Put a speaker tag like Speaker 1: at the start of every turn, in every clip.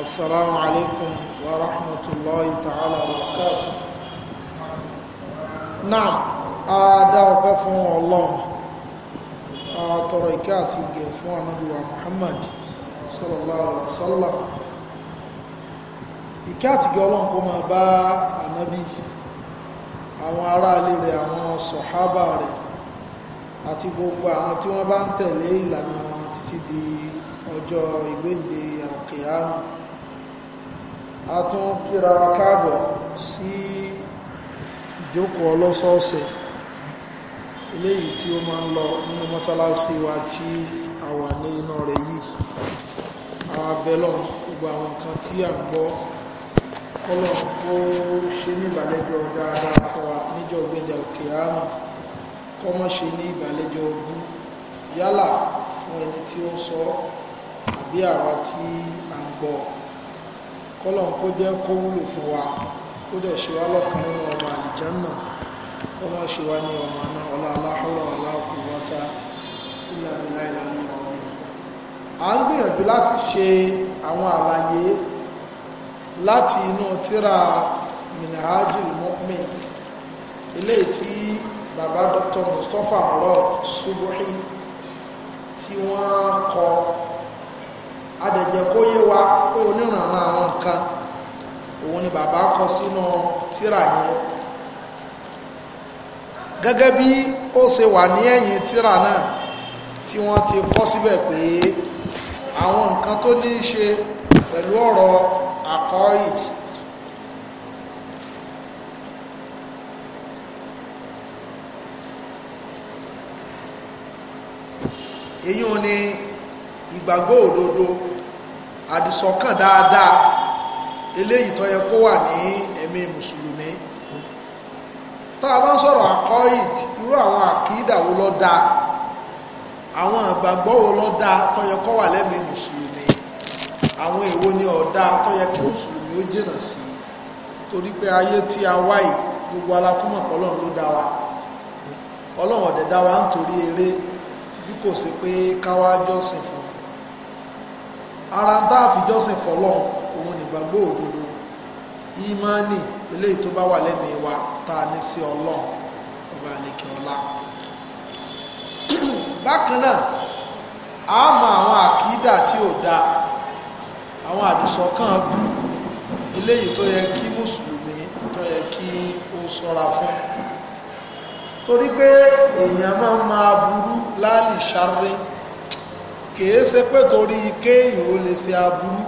Speaker 1: السلام عليكم ورحمة الله تعالى وبركاته نعم أدعو بفهم الله أتركاتي قفوان نبي محمد صلى الله عليه وسلم ìkẹ́ àtìgẹ́ ọlọ́run kó máa bá ànábì àwọn aráalé rẹ̀ àwọn sọ̀hábà rẹ̀ àti gbogbo àwọn tí wọ́n bá ń tẹ̀lé ìlànà títí di ọjọ́ ìgbéǹde àkèyàmù a tún kíra káàbọ̀ sí ìjókòó ọlọ́sọ̀ọ̀sẹ̀ eléyìí tí ó máa ń lọ nínú mọ́sálásí wa tí a wà ní iná rẹ̀ yìí abẹ́lọ̀ gbogbo àwọn nǹkan tí à ń gbọ́ kọ́lọ̀ kó ṣe ní ìbàlẹ́jọ́ dáadáa fún wa níjọ́ gbẹ̀dẹ̀ kìámà kọ́mọ́ ṣe ní ìbàlẹ́jọ́ ọdún yálà fún ẹni tí ó ń sọ àbí àwa tí à ń gbọ́ ọ kọ́lọ̀ kó jẹ́ kó wúlò fún wa kó dẹ̀ ṣe wá lọ́kàn nínú ọmọ àlìjánà kó má ṣe wá ní ọmọ náà ọlá aláhùrọ̀ aláàkú wọ́ta ìlànà ìlànà ìrọ̀lẹ́ à ń gbìyànjú láti ṣe àwọn àlàyé láti inú tírà minahajul mu'min eléyìí tí bàbá Dr. Mustapha mọ̀rọ̀ Subuhi tí wọ́n kọ adẹ̀jẹ̀ kó yé wa pé oníranran àwọn nǹkan òun ni bàbá kọ sínú tíra yẹn gẹ́gẹ́ bí ó ṣe wà ní ẹ̀yìn tíra náà tí wọ́n ti kọ́ síbẹ̀ pé àwọn nǹkan tó ní í ṣe pẹ̀lú ọ̀rọ̀ akọ́id èyí ò ní ìgbàgbọ́ òdodo àdìsọ́kàn dáadáa eléyìí tó yẹ kó wà ní ẹ̀mí mùsùlùmí tá a bá ń sọ̀rọ̀ àkọ́ìd irú àwọn àkídà wo ló dáa àwọn àgbàgbọ́ wo ló dáa tó yẹ kó wà lẹ́mí mùsùlùmí àwọn èwo ni ọ̀dá tó yẹ kí mùsùlùmí ó jìnà sí torí pé ayé tí a wáyé gbogbo alákùnmọ̀ ọlọ́run ló dá wa ọlọ́run ọ̀dẹ̀ dá wa ń torí eré bí kò sí pé káwá jọ́sìn fún ara ń dáàfi jọ́sìn fọlọ́hún òun nígbàgbọ́ òdodo ìmánì eléyìí tó bá wà lẹ́mìí wa ta ní sí ọlọ́run ọba àlekè ọlá bákan náà a mọ àwọn àkídà tí ò da àwọn àdìsọ́kàn bú eléyìí tó yẹ kí mùsùlùmí tó yẹ kí ó ṣọ́ra fún torí pé èèyàn máa máa burú láàlì sáré kìí ṣe pé torí kéèyàn ó lè ṣe aburú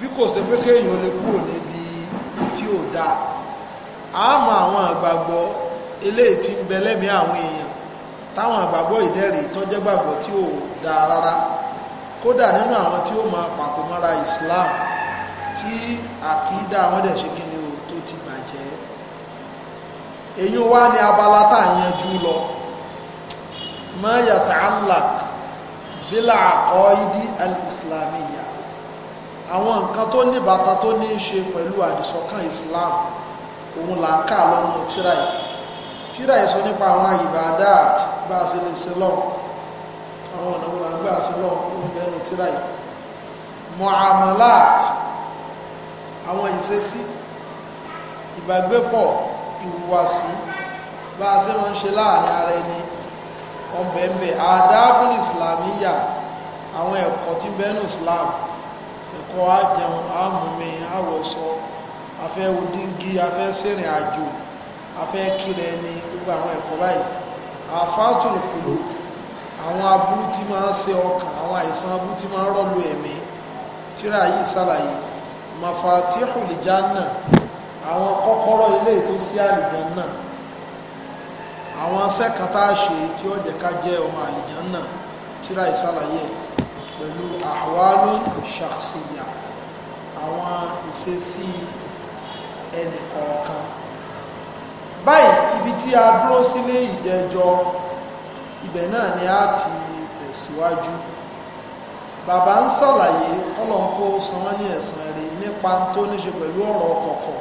Speaker 1: bí kò ṣe pé kéèyàn ó lè kúrò níbi tí ò dáa àmọ́ àwọn àgbàgbọ́ eléyìí tí ń bẹ lẹ́mìí àwọn èèyàn táwọn àgbàgbọ́ ìdẹ́rìí tọ́jẹ́ gbàgbọ́ tí ò dáa rárá kódà nínú àwọn tí ó máa pàpọ̀ mọ́ra Islam tí àkídà wọn dẹ̀ ṣe kíni o tó ti bàjẹ́ èyí wá ní abala tá à yanjú lọ ma yata'allaq bílà àkọ́ ìdí alìsìlámìyà àwọn nǹkan tó ní bàtà tó ní í ṣe pẹ̀lú àdìsọ́kàn islam òun là ń kà lọ́nà tíra yìí tíra yìí sọ nípa àwọn ibadat bá a ṣe lè ṣe lọ àwọn ọ̀nà wo là ń lọ òun lẹ́nu tíra yìí àwọn ìṣesí ìbàgbépọ̀ ìhùwàsí bá a ṣe máa ń ṣe láàrin ara ẹni ọ̀bẹ̀ẹ̀bẹ̀ àdábùn islamiyya àwọn ẹ̀kọ́ tí bẹ́nu islam ẹ̀kọ́ ajẹun àmúmi àwọ̀sọ afẹ́ odíngí afẹ́ sẹ́rìn àjò afẹ́ kílẹ̀ ẹni gbogbo àwọn ẹ̀kọ́ báyìí àfátùlùkùlù àwọn aburú tí máa ń ṣe ọkàn àwọn àìsàn aburú tí máa ń rọ́lu ẹ̀mí tíra yìí ṣàlàyé mafatihul janna àwọn kọ́kọ́rọ́ ilé ètò sí àlìjánà náà àwọn sẹ́kàn tá a ṣe tí ó jẹ́ ká jẹ́ ọmọ àlìjánà tíra ìsàlàyé pẹ̀lú àwálú ṣàṣìyà àwọn ìṣesí ẹnì kọ̀ọ̀kan báyìí ibi tí a dúró sílé ìjẹjọ ibẹ̀ náà ni a ti tẹ̀síwájú bàbá ń sàlàyé ọlọ́nkó sanwó ní ẹ̀sán rẹ̀ nípa tó ní ṣe pẹ̀lú ọ̀rọ̀ kọ̀kọ̀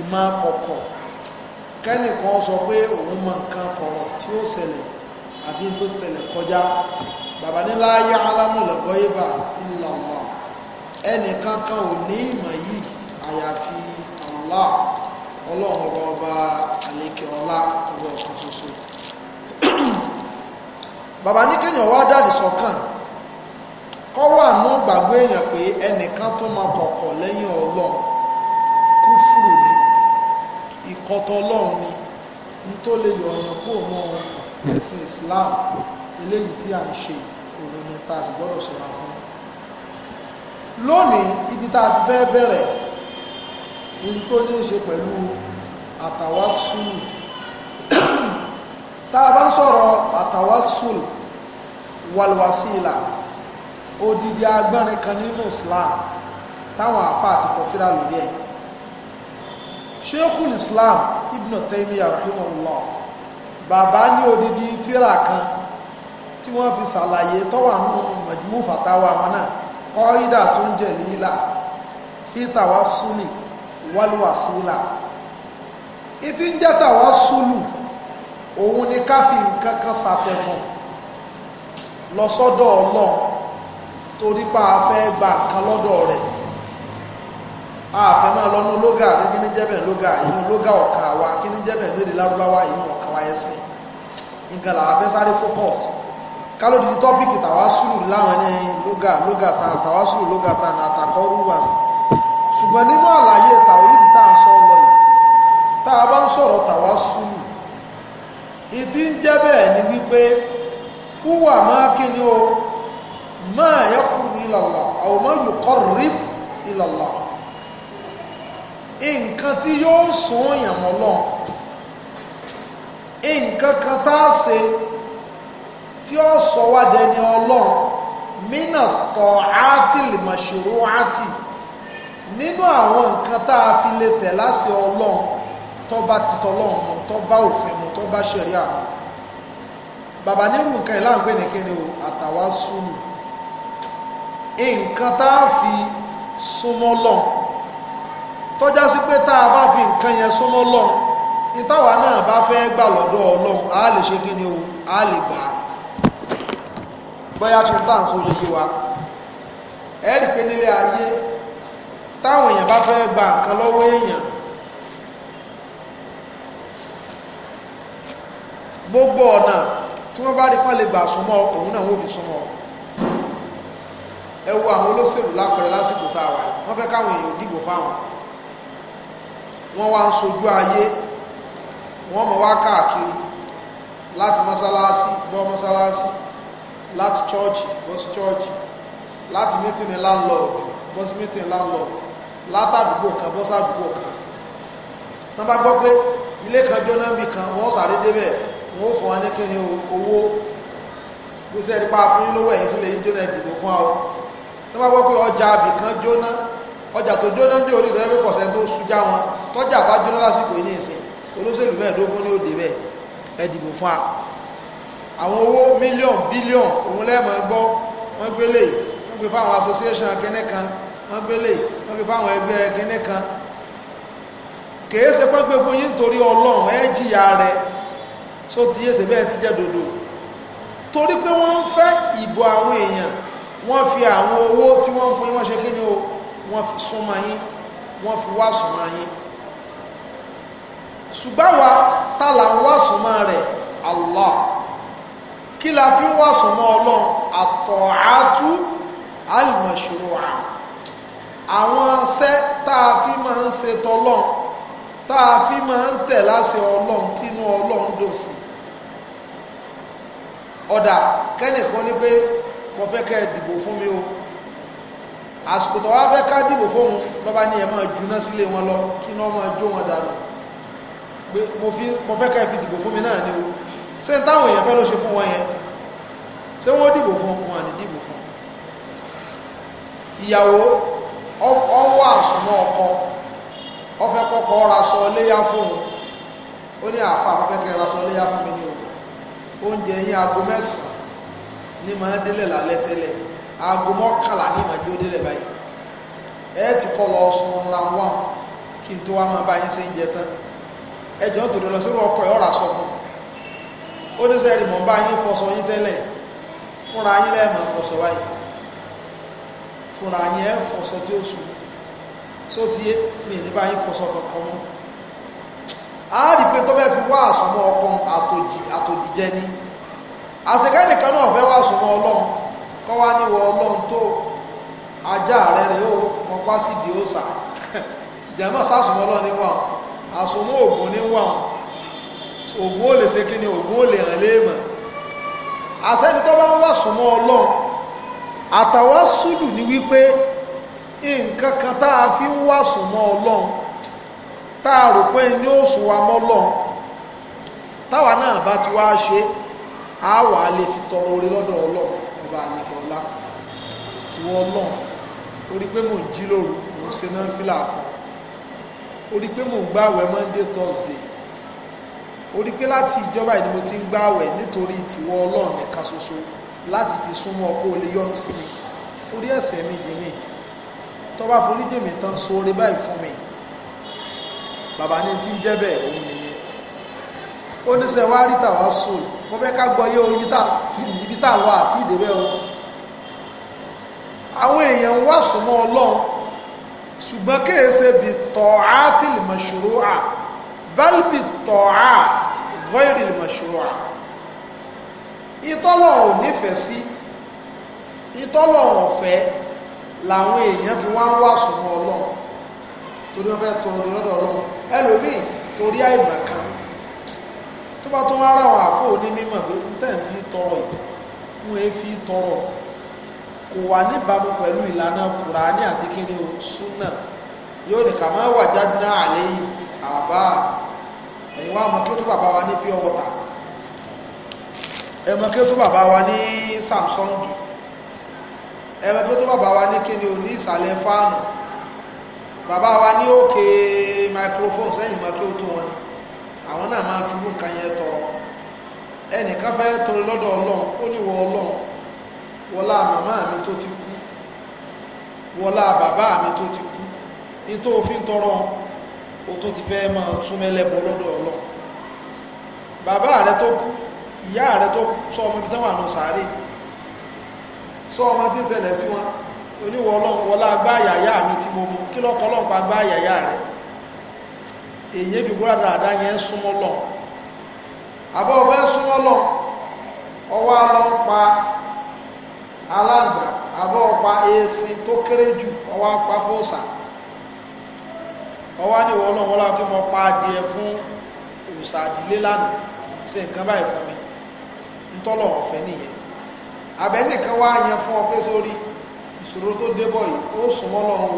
Speaker 1: ìmọ̀ kọ̀kọ̀ kẹ́nìkan sọ pé òun mọ nǹkan kọ̀rọ̀ tí ó ṣẹlẹ̀ àbí tó ṣẹlẹ̀ kọjá bàbá ní láyé alámùlẹ̀kọ́ ibà ńlọ̀lọ̀ ẹnìkan kan ò ní ìmọ̀ yìí àyàfi Allah ọlọ́run ọba ọba àlekè ọlá ọba ọ̀kan ṣoṣo bàbá ní kéèyàn wá dàdí sọ́kàn kọ́ wà ní gbàgbé èèyàn pé ẹnìkan tó máa kọ̀kọ̀ lẹ́yìn ọlọ́run nǹkan tọ́lọ́run ni n tó lè yọ ọ̀yàn kó mọ́ ẹ̀sìn Islam eléyìí tí a ń ṣe òun ni ta sì gbọ́dọ̀ ṣọ́ra fún lónìí ibi tá a ti fẹ́ bẹ̀rẹ̀ in tó ní ṣe pẹ̀lú àtàwásùlù tá a bá sọ̀rọ̀ àtàwásùlù wàlúwàsílà odidi agbárin kan nínú Islam táwọn àáfàá ti kọtíra lórí ẹ̀ sheikhul islam ibn taymiyyah rahimahullah bàbá ní odidi tírà kan tí wọ́n fi ṣàlàyé tọ́wà nù majmu fatawa wọn náà kọ́ídà tó ń jẹ̀ líla fi tawassuli wálúwàsílà ìtí ń jẹ́ tawassulu òun ni ká nǹkan kan ṣàfẹ́fún lọ sọ́dọ̀ ọlọ́run torí afẹ́ gba nǹkan lọ́dọ̀ rẹ̀ àfẹ́ máa lọ́nu lóga àbí kíní jẹ́bẹ̀ lóga ìyún lóga ọ̀kan àwa kíní jẹ́bẹ̀ lóde lárúbáwá ìyún ọ̀kan wa ẹ̀sìn nǹkan làwọn fẹ́ sáré focus kálódìdí tọ́pìkì tàwa sùúrù láwọn ní lóga lóga ta tàwa sùúrù lóga ta ní àtàkọ́ rúwà ṣùgbọ́n nínú àlàyé tàwa yìí tá à ń sọ lọ yìí tá a bá ń sọ̀rọ̀ tàwa sùúrù ìdí ń jẹ́ bẹ́ẹ̀ ni wípé wúwà máa kíni o máa yẹ kúrú ilallah àwọn máa yòókọ́ rí ilallah nǹkan tí yóò sún èèyàn mọ́ lọ́n nǹkan kan tá a ṣe tí ó sọ wá dẹni ọlọ́run mínà tọ́ átìlì màṣírò átì nínú àwọn nǹkan tá a fi lè tẹ̀ láṣẹ ọlọ́run tó bá titọ́ lọ́run mu tó bá òfin mu tó bá ṣẹ̀rí àwọn bàbá nírú nǹkan ìlànà pé nìkíni o àtàwá súnmù nǹkan tá a fi súnmọ́ lọ́run tọ́já sí pé tá a bá fi nǹkan yẹn súnmọ́ lọ́hùn ìtawà náà bá fẹ́ gbà lọ́dọ̀ ọlọ́hùn a lè ṣe kí ni o a lè gbà á bóyá tí n tàn sóye yé wa ẹ rí pé nílé ayé táwọn èèyàn bá fẹ́ gba nǹkan lọ́wọ́ èèyàn gbogbo ọ̀nà tí wọ́n bá rí pọ́n lè gbà súnmọ́ òun náà wọ́n fi súnmọ́ ẹ wo àwọn olóṣèlú lápẹẹrẹ lásìkò tá a wà wọ́n fẹ́ káwọn èèyàn dìbò fáwọn wọ́n wá ń sojú ayé wọ́n mọ̀ wá káàkiri láti mọ́sálásí bọ́ mọ́sálásí láti chọ́ọ̀chì bọ́ sí chọ́ọ̀chì láti mítìnì láńlọ́ọ̀dù bọ́ sí mítìnì láńlọ́ọ̀dù látàdúgbò kan bọ́ sàdúgbò kan tán bá gbọ́ pé ilé kan jóná bì kan wọ́n sáré débẹ̀ wọ́n fún ọ ní kíni owó gbèsè ẹ̀rí pa fún yín lówó ẹ̀yìn tó lè yí jóná ìdìbò fún ọ tán bá gbọ́ pé ọjà abì kan jóná ọjà tó jóná ní orí ìtọ́jú pípọ̀ sẹ́ni tó sujá wọn tọ́jà bá jóná lásìkò yìí ní ìsìn olóṣèlú mẹ́ẹ̀ẹ́dógún ní òde bẹ́ẹ̀ ẹ dìbò fún wa àwọn owó mílíọ̀n bílíọ̀n òun lẹ́ẹ̀mọ̀ gbọ́ wọ́n gbélé wọ́n gbé fáwọn association kẹ́nẹ́ kan wọ́n gbélé wọ́n gbé fáwọn ẹgbẹ́ kẹ́nẹ́ kan kèé ṣe pọ́n gbé fún yín torí ọlọ́run ẹ jìyà rẹ̀ só ti yé ṣe bẹ́ẹ̀ ti jẹ́ dodo torí pé wọ́n ń fẹ́ ìbò àwọn èèyàn wọ́n fi àwọn owó tí wọ́n fún yín wọ́n ṣe kí ni o wọ́n fi súnmọ́ yín wọ́n fi wá súnmọ́ yín ṣùgbọ́n wa tá là ń wá súnmọ́ rẹ̀ Allah kí la fi ń wá súnmọ́ ọlọ́run àtọ̀hátú alìmọ̀ṣòro àwọn ṣẹ́ tá a fi máa ń ṣe tọlọ́run tá a fi máa ń tẹ̀ láṣẹ ọlọ́run tínú ọlọ́run dùn sí ọ̀dà kẹ́nìkan ní pé mo fẹ́ kẹ́ ẹ dìbò fún mi o àsìkò tó wá fẹ́ ká dìbò fóun lọ́ba ní ẹ̀ máa juná sílé wọn lọ kí iná máa jó wọn dànù pé mo fẹ́ ká ẹ fi dìbò fún mi náà ni o ṣé n táwọn èèyàn fẹ́ ló ṣe fún wọn yẹn ṣé wọ́n dìbò fún wọn àní dìbò fún ìyàwó ọwọ́ àsùnmọ́ ọkọ ọfẹ́ kọ́kọ́ raṣọ léyà fóun ó ní àfa àfẹ́kẹ́ raṣọ léyà fún mi ní o oúnjẹ yín aago mẹ́sàn-án ní máa délẹ̀ lálẹ́ tẹ́lẹ̀ aago mọ́kànlá ní ìmọ̀jú ó délẹ̀ báyìí ẹ ti kọ́ lọ sun ńlá wọn kí n tó wá máa bá yín ṣe ń jẹ tán ẹ jọ tòdò lọ sórí ọkọ̀ ẹ̀ ọ̀rà sọ fún ó ní sẹ́ẹ̀rì mọ̀ ń bá yín fọṣọ yín tẹ́lẹ̀ fúnra yín lẹ́ẹ̀mọ̀ fọṣọ báyìí fúnra yín ẹ̀ fọṣọ tí ó sùn só ti yé mi ní bá yín fọṣọ kankan mọ́ a rí pé tó bẹ́ẹ̀ fi wá àsomọ́ ọkàn àtòjìjẹ ni àṣekánìkan náà fẹ́ wá àsomọ́ kọ́ wá níwọ ọlọ́run tó ajá rẹ̀ rẹ̀ ó wọn pa sí di òòsà jẹ̀mọ́ sásùnmọ́ ọlọ́run ní wọn àsùnmọ́ ògùn ní wọn ògùn ó lè ṣe kí ni ògùn ó lè hàn léèmọ̀ àsẹ́ni tó bá ń wà sùnmọ́ ọlọ́run àtàwá sùdù ni wípé nǹkan kan tá a fi ń wà sùnmọ́ ọlọ́run tá a rò pé ní òsùn wa mọ́ táwa náà bá ti wá ṣe á wà á lè fi tọrọ orí lọ́dọ̀ ọlọ́run wọ ọlọ́run orí pé mò ń jí lóru mò ń ṣe náà fìlà fún orí pé mò ń gbàwẹ̀ monday thursday orí pé láti ìjọba ìdí mo ti ń gbàwẹ̀ nítorí ìtìwọ ọlọ́run nìkan ṣoṣo láti fi súnmọ́ ọkọ olè yọ́nú sí mi forí ẹ̀ṣẹ̀ mi dì mí tó bá forí jèmi tán so orí báyìí fún mi bàbá ní ti ń jẹ́ bẹ́ẹ̀ òun nìyẹn ó ní rí tàwa sùn mo fẹ́ ká gbọ́ yé o ibi tá a lọ àti ìdè bẹ́ẹ̀ o àwọn èèyàn wá súnmọ́ ọlọ́run ṣùgbọ́n kéèsè bí tọ́ọ̀tì lèmọ̀ṣòro à bálbì tọ́ọ̀tì gọ́ìrì lèmọ̀ṣòro à ìtọ́lọ̀ ò nífẹ̀ẹ́ sí ìtọ́lọ̀ ọ̀fẹ́ làwọn èèyàn fi wá ń wá súnmọ́ ọlọ́run torí wọ́n fẹ́ tọrọ lọ́dọ̀ ọlọ́run ẹlòmíì torí àìmọ̀ kan tó bá tó ń rárá àwọn àfọ onímọ̀ pé tẹ̀ ń fi tọrọ yìí wọ́n fi tọrọ kò wà níbàámu pẹ̀lú ìlànà kùránì àti kíni o súnà yóò ní kàmá wà jáde náà àlẹ́ yìí àbá ẹ̀yin wá ọmọké tó bàbá wa ní pure water ẹ̀mọké tó bàbá wa ní samsung ẹ̀mọké tó bàbá wa ní kíni o ní ìsàlẹ̀ fáànù bàbá wa ní òkè microphone sẹ́yìn mọ́kí ó tó wọn ni àwọn náà máa fi mú nǹkan yẹn tọrọ ẹnìkan fẹ́ tọrọ lọ́dọ̀ ọlọ́run ó níwọ̀ ọlọ́run wọlá màmá mi tó ti kú wọlá bàbá mi tó ti kú ní tó fi ń tọrọ o tó ti fẹ́ máa tún mẹ́lẹ́bọ lọ́dọ̀ ọlọ́run bàbá rẹ tó kú ìyá rẹ tó kú sọ ọmọ ibi táwọn àna sàárè sọ ọmọ tí ń ṣẹlẹ̀ sí wọn oníwọ̀ ọlọ́run wọlá agbá àyàyà mi tí mo mú kí lọ́kọ́ ọlọ́run pa agbá rẹ èyí fi gbọ́dọ̀ dáadáa yẹn súnmọ́ lọ àbọ̀ ọ̀fẹ́ súnmọ́ lọ ọwọ́ alọ́ ń pa aláǹgbà àbọ̀ ọ̀pá èsì tó kéré jù ọwọ́ apá fọ́ọ̀sà ọwọ́ ní ìwọ̀n náà wọ́n láwọn kí mo pa adìẹ fún òòsà àdílé lánàá sí nǹkan báyìí fún mi nítọ́lọ̀ ọ̀fẹ́ nìyẹn abẹ́ nìkan wá yẹn fún ọ pé sórí ìṣòro tó débọ̀ yìí ó súnmọ́ lọ́wọ́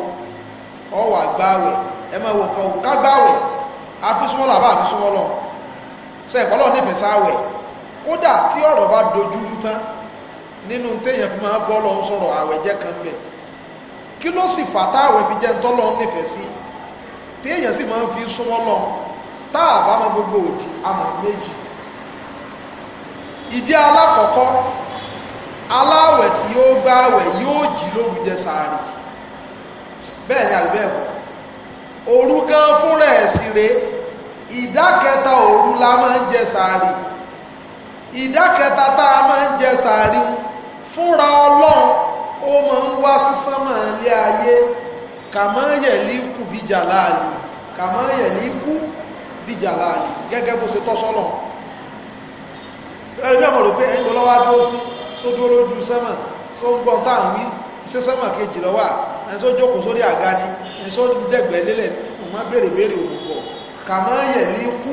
Speaker 1: ọwọ́ àgbáwẹ̀ ẹ máa wò kan kágbáwẹ̀ àfisúnmọ́ làbá àfisúnmọ́ lọ́wọ́ sẹ́yìn pọ́lọ́ nífẹ̀ẹ́ sáwẹ̀ kódà tí ọ̀rọ̀ bá dojúrú tán nínú téèyàn fi máa bọ́ lọ́n sọ̀rọ̀ àwẹ̀ jẹ́ kan bẹ̀ kí ló sì fà tá àwẹ̀ fi jẹ́ ń tọ́lọ́ nífẹ̀ẹ́ sí téèyàn sì máa ń fi súnmọ́ lọ tá a bá mọ gbogbo òdì àmọ̀ méjì ìdí alákọ̀ọ́kọ́ aláwẹ̀ tí yóò gbá àwẹ̀ yóò jí lóru jẹ sàárì bẹ́ẹ̀ ni àbí bẹ́ẹ̀ òru gan fúnra ẹ̀ sì rèé ìdá òru la máa ń jẹ sàárì ìdá kẹta tá a máa ń jẹ sàárì fúnra ọlọ́run ó máa ń wá sí sánmà ilé ayé kàmáyẹ̀líkù bíjàláàlì kàmáyẹ̀líkù bíjàláàlì gẹ́gẹ́ bó ṣe tọ́ sọ́nà ẹgbẹ́ mọ̀ rò pé ẹgbẹ́ ọlọ́wà dúró sí sódó lójú sánmà tó ń gbọ́n tá à ń wí ṣé sánmà kejì lọ́wà ẹni tó jókòó sórí àga ni ẹni tó dẹ̀gbẹ́ lélẹ̀ ni mo máa béèrè béèrè òkùnkọ̀ kàmáyẹ̀líkù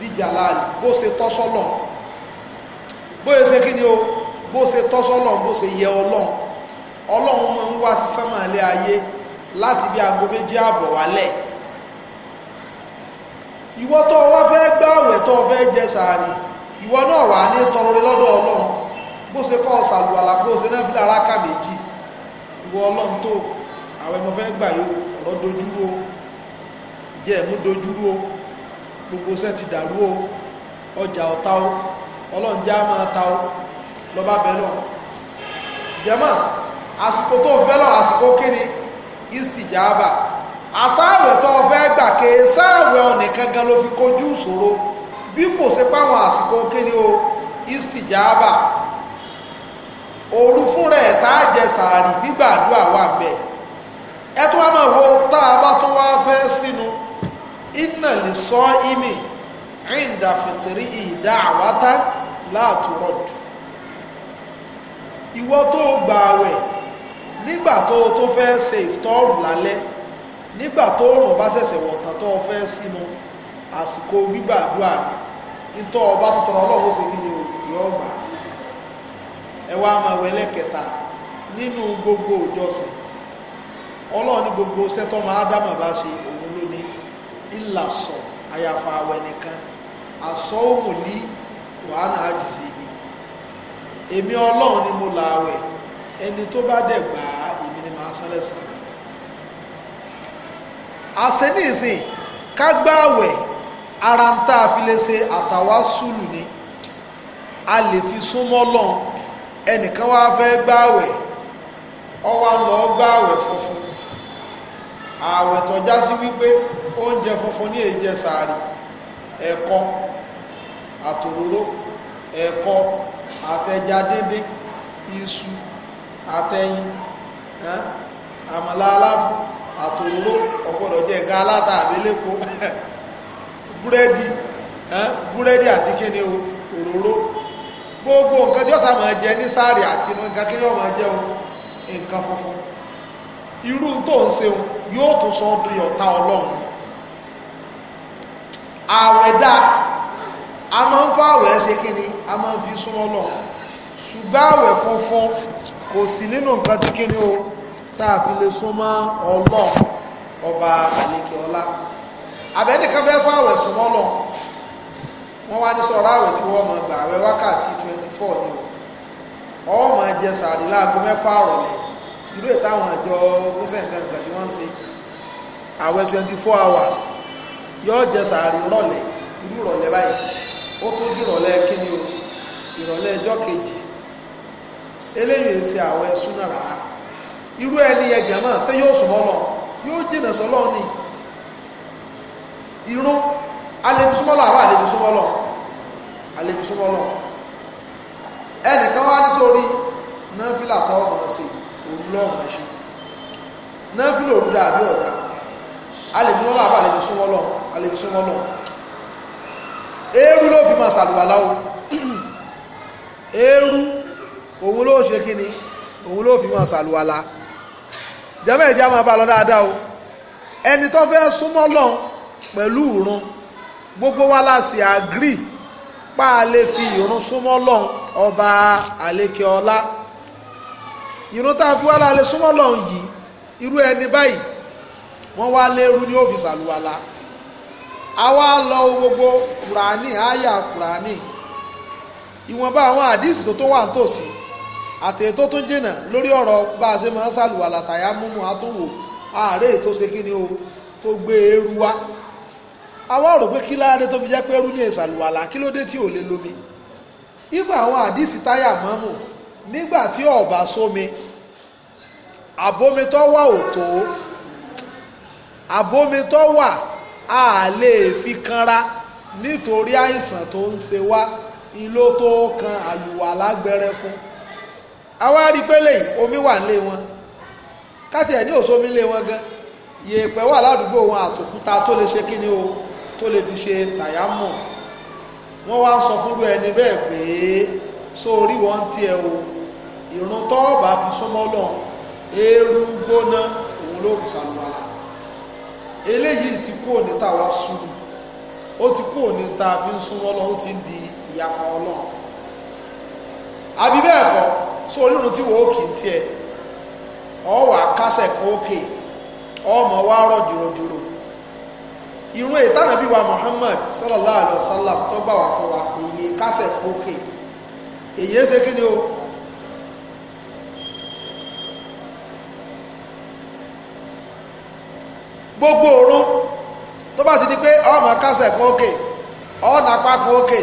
Speaker 1: bíjàláàlì bó ṣe tọ́ sọ́nà bóyá ṣe kí ni o bó ṣe tọ́sọ́ ọlọ́run bó ṣe yẹ ọlọ́run ọlọ́run máa ń wá sí sánmàlẹ́ ayé láti bí aago méjì ààbọ̀ wálẹ̀ ìwọ tó wá fẹ́ gbá ọ̀wẹ̀ tó fẹ́ jẹ sàárì ìwọ náà wà ní tọrọrẹ lọ́dọ̀ ọlọ́run bó ṣe kọ́ ṣàlùwàlà kó ṣe náà o ìjẹ́ ẹ̀mú dojúrú o gbogbo ṣẹ́ ti dàrú o ọjà ọ̀tá o ọlọ́run jẹ́ lọ́ba bẹ́ẹ̀ lọ jẹ́mọ́ àsìkò tó fẹ́ lọ àsìkò kíni istijaba àsáàwẹ̀ tó fẹ́ gbà ké sáàwẹ̀ ọ̀nìkan gan ló fi kojú ìṣòro bí kò sí páwọn àsìkò kíni o istijaba òru fún rẹ̀ tá a jẹ sàárì gbígbàdúrà wà bẹ́ẹ̀ ẹ tó wá máa wo tá a bá tó wá fẹ́ sínú iná lè sọ ìmì ìdàfẹ̀tẹ̀rí ìdá àwátá láàtúrọ̀dù ìwọ tó gbà àwẹ̀ nígbà tó tó fẹ́ ṣe ìfitọ́rù lálẹ́ nígbà tó rùn bá ṣẹ̀ṣẹ̀ wọ̀tàn tó fẹ́ sínú àsìkò gbígbàdúrà rẹ̀ nítọ́ ọba ọlọ́run ṣe ẹ wá máa wẹ lẹ́kẹta gbogbo ọlọ́run ní gbogbo sẹ́tọ́ máa dámà bá ṣe òun ló àyàfà àwẹ̀ èmi ọlọ́run ni mo là àwẹ̀ ẹni tó bá dẹ̀ gbà á èmi ni màá san lẹ́san rẹ̀ àṣẹ ní ìsìn ká gbà àwẹ̀ ara ń tá a fi lè ṣe àtàwá sùlù ni a lè fi súnmọ́ lọ́n ẹnìkan wá fẹ́ gbà àwẹ̀ ó wá lọ gbà àwẹ̀ funfun àwẹ̀ tó já sí wípé oúnjẹ funfun ní èjẹ sàárì ẹ̀kọ àtòróró ẹ̀kọ àtẹja díndín iṣu àtẹyin àmàlà aláfù àtòróró ọ̀gbọ́dọ̀ jẹ́ ẹ̀ka aláta àbẹ́lẹ́kọ búrẹ́dì búrẹ́dì àti kíni o òróró gbogbo nǹkan tí ọ̀sà máa jẹ ní sáàrì àti nǹkan kí ni ọ̀ máa jẹ o nǹkan funfun irú tó ń ṣe o yóò tún sọ ọdún yọ̀ọ̀ta ọlọ́run ni àwẹ̀dá a máa ń fàwẹ̀ ṣe kí ni a máa ń fi súnmọ́ lọ ṣùgbọ́n àwẹ̀ funfun kò sí nínú nǹkan tí kí ni o tá a fi lè súnmọ́ Ọlọ́run ọba àlekè ọlá àbẹ́nìkan fẹ́ fàwẹ̀ súnmọ́ lọ wọ́n wá ní sọ̀rọ̀ àwẹ̀ tí wọ́n máa gbà àwẹ̀ wákàtí twenty four ni o ọwọ́ máa jẹ sàrí láago mẹ́fà rọ̀lẹ́ irú ètò àwọn àjọ gbọ́sẹ̀ nǹkan nǹkan tí wọ́n ń ṣe àwẹ̀ twenty four hours yóò jẹ sàrí rọ̀lẹ́ irú rọ̀lẹ́ báyìí ó tó di ìrọ̀lẹ́ kíni o ìrọ̀lẹ́ ẹjọ́ kejì eléyìí ń ṣe àwọn ẹ̀sùn náà rárá irú ẹni ẹgbẹ̀ náà ṣé yóò sùn mọ́ lọ yóò jìnà sọ́lọ́ ni irun alẹ́bísúmọ́lọ́ àbá alẹ́bísúmọ́lọ́ alẹ́bísúmọ́lọ́ ẹnìkan wá ní sórí náfìlà tó ọmọ ṣe òun lọ́ọ̀mọ̀ ṣe náfìlà òrùdà àbí ọ̀dà alẹ́bísúmọ́lọ́ àbá alẹ́bísúmọ́lọ́ alẹ́bísúmọ́lọ́ eérú ló fi máa ṣàlùwàlá o eérú òun ló ṣe kí ni òun ló fi máa ṣàlùwàlá jẹ́mọ̀ ìjà máa bá lọ dáadáa o ẹni tó fẹ́ súnmọ́ lọ́n pẹ̀lú ìrun gbogbo wa láti àgírí pa á lè fi ìrun súnmọ́ lọ́n ọba àlékè ọlá ìrun tá a fi wá lálẹ́ súnmọ́ lọ́n yìí irú ẹni báyìí wọ́n wá lérú ni ó fi ṣàlùwàlá àwa lọ gbogbo kurani àyà kurani, ìwọ̀nba àwọn àdìsí tó tó wà nítòsí àti ètò tó jìnà lórí ọ̀rọ̀ bá a ṣe máa ń ṣàlùwàlà tàyà múmu àtúnwò ààrẹ tó ṣe kí ni o tó gbé eru wá àwa rò pé kí láàdé tó fi jẹ́ pé eru ní ìṣàlùwàlà kí ló dé tí ò lè lomi ifá àwọn àdìsí táyà mọ́mù nígbà tí ọ̀bà sómi àbómitọ́ wà òtó àbómitọ́ wà a lè fi kanra nítorí àìsàn tó ń ṣe wá ìlò tó kan àlùwàlá gbẹrẹ fún àwa rí pé lè omi wà nílé wọn káti ẹ̀ ní òsómi nílé wọn gan yèèpẹ̀ wà ládùúgbò wọn àtòkúta tó lè ṣe kíni o tó lè fi ṣe tàyámọ̀ wọ́n wá ń sọ fúnrú ẹni bẹ́ẹ̀ pé sórí wọn tiẹ̀ o ìrun tó fi súnmọ́ lọ eérú gbóná òun ló fi sàlùwàlà eléyìí ti kúrò ní tàwa sùúrù ó ti kúrò fi ń súnmọ́ lọ ó ti ń di ìyapa ọlọ́run àbí bẹ́ẹ̀ kọ́ sọ olórun tí wọ́n kì í tiẹ̀ ọ wà kásẹ̀ kókè ọmọ wa rọ̀ Muhammad sallallahu alayhi wa sallam wá fún wa èyí kásẹ̀ kókè gbogbo òórùn tó bá ti di pé ọmọ kásẹ̀ kún òkè ọ̀nà pákó òkè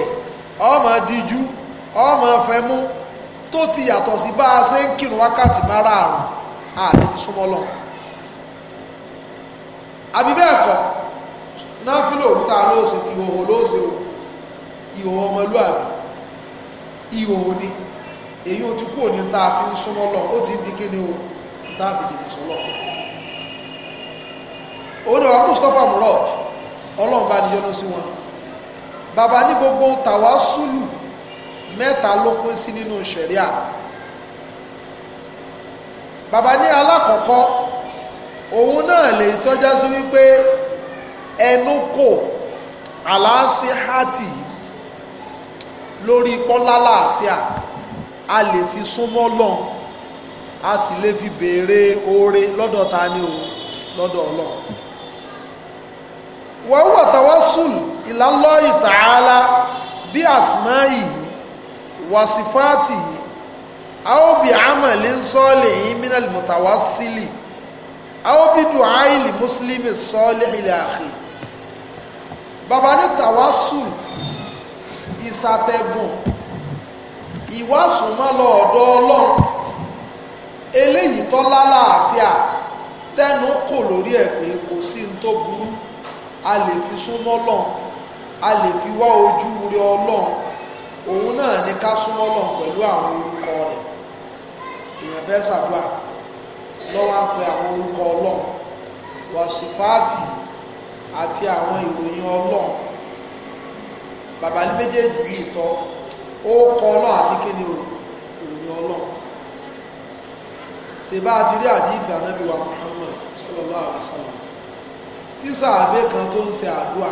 Speaker 1: ọmọ díjú ọmọ fẹmú tó ti yàtọ̀ sí bá a ṣe ń kírun wákàtí márààrún àti fi súnmọ́ lọ àbí bẹ́ẹ̀ kọ́ náà fi lòrú tá a o ìhòòhò ọmọlúàbí ìhòòhò ni èyí ó ti kúrò ní tá fi ń súnmọ́ lọ ó ti ń di kíni o fi jìnnà òun wa Mustapha Murad ọlọ́run bá níyọ́nú sí wọn bàbá ní gbogbo tàwásùlù mẹ́ta ló pín sí nínú ṣẹ̀ríà bàbá ní alákọ̀ọ́kọ́ òun náà lè tọ́já sí wípé ẹnu kò àlàáṣí hàtì lórí pọ́nlá láàfíà a lè fi súnmọ́ lọ́n a sì lè fi béèrè oore lọ́dọ̀ ta ni o lọ́dọ̀ ọlọ́run wa huwa tawassul ila Allahi ta'ala bi asma'ihi wa sifatihi aw bi amalin salihin minal mutawassili aw bi du'a'il muslimi salih ila akhi bàbá ní tawassul ìsàtẹ̀gùn ìwásùnmọ́lọ ọ̀dọ̀ ọlọ́run eléyìí tọ́lá láàfíà tẹnu kò lórí ẹ̀ pé kò sí ní tó burú a lè fi súnmọ́ lọ́n a lè fi wá ojú rẹ ọlọ́n òun náà ni ká súnmọ́ lọ́n pẹ̀lú àwọn orúkọ rẹ̀ èèyàn fẹ́ ṣàdúrà lọ́wọ́ á pe àwọn orúkọ ọlọ́n wàsífáàtì àti àwọn ìròyìn ọlọ́n bàbá ní méjèèjì yìí tọ́ ó kọ ọlọ́n àti kíni o ìròyìn ọlọ́n ṣe bá a ti rí àdìsí ànábì wa Muhammad sallallahu alaihi wa sallam. tí sàábé kan tó ń ṣe àdúà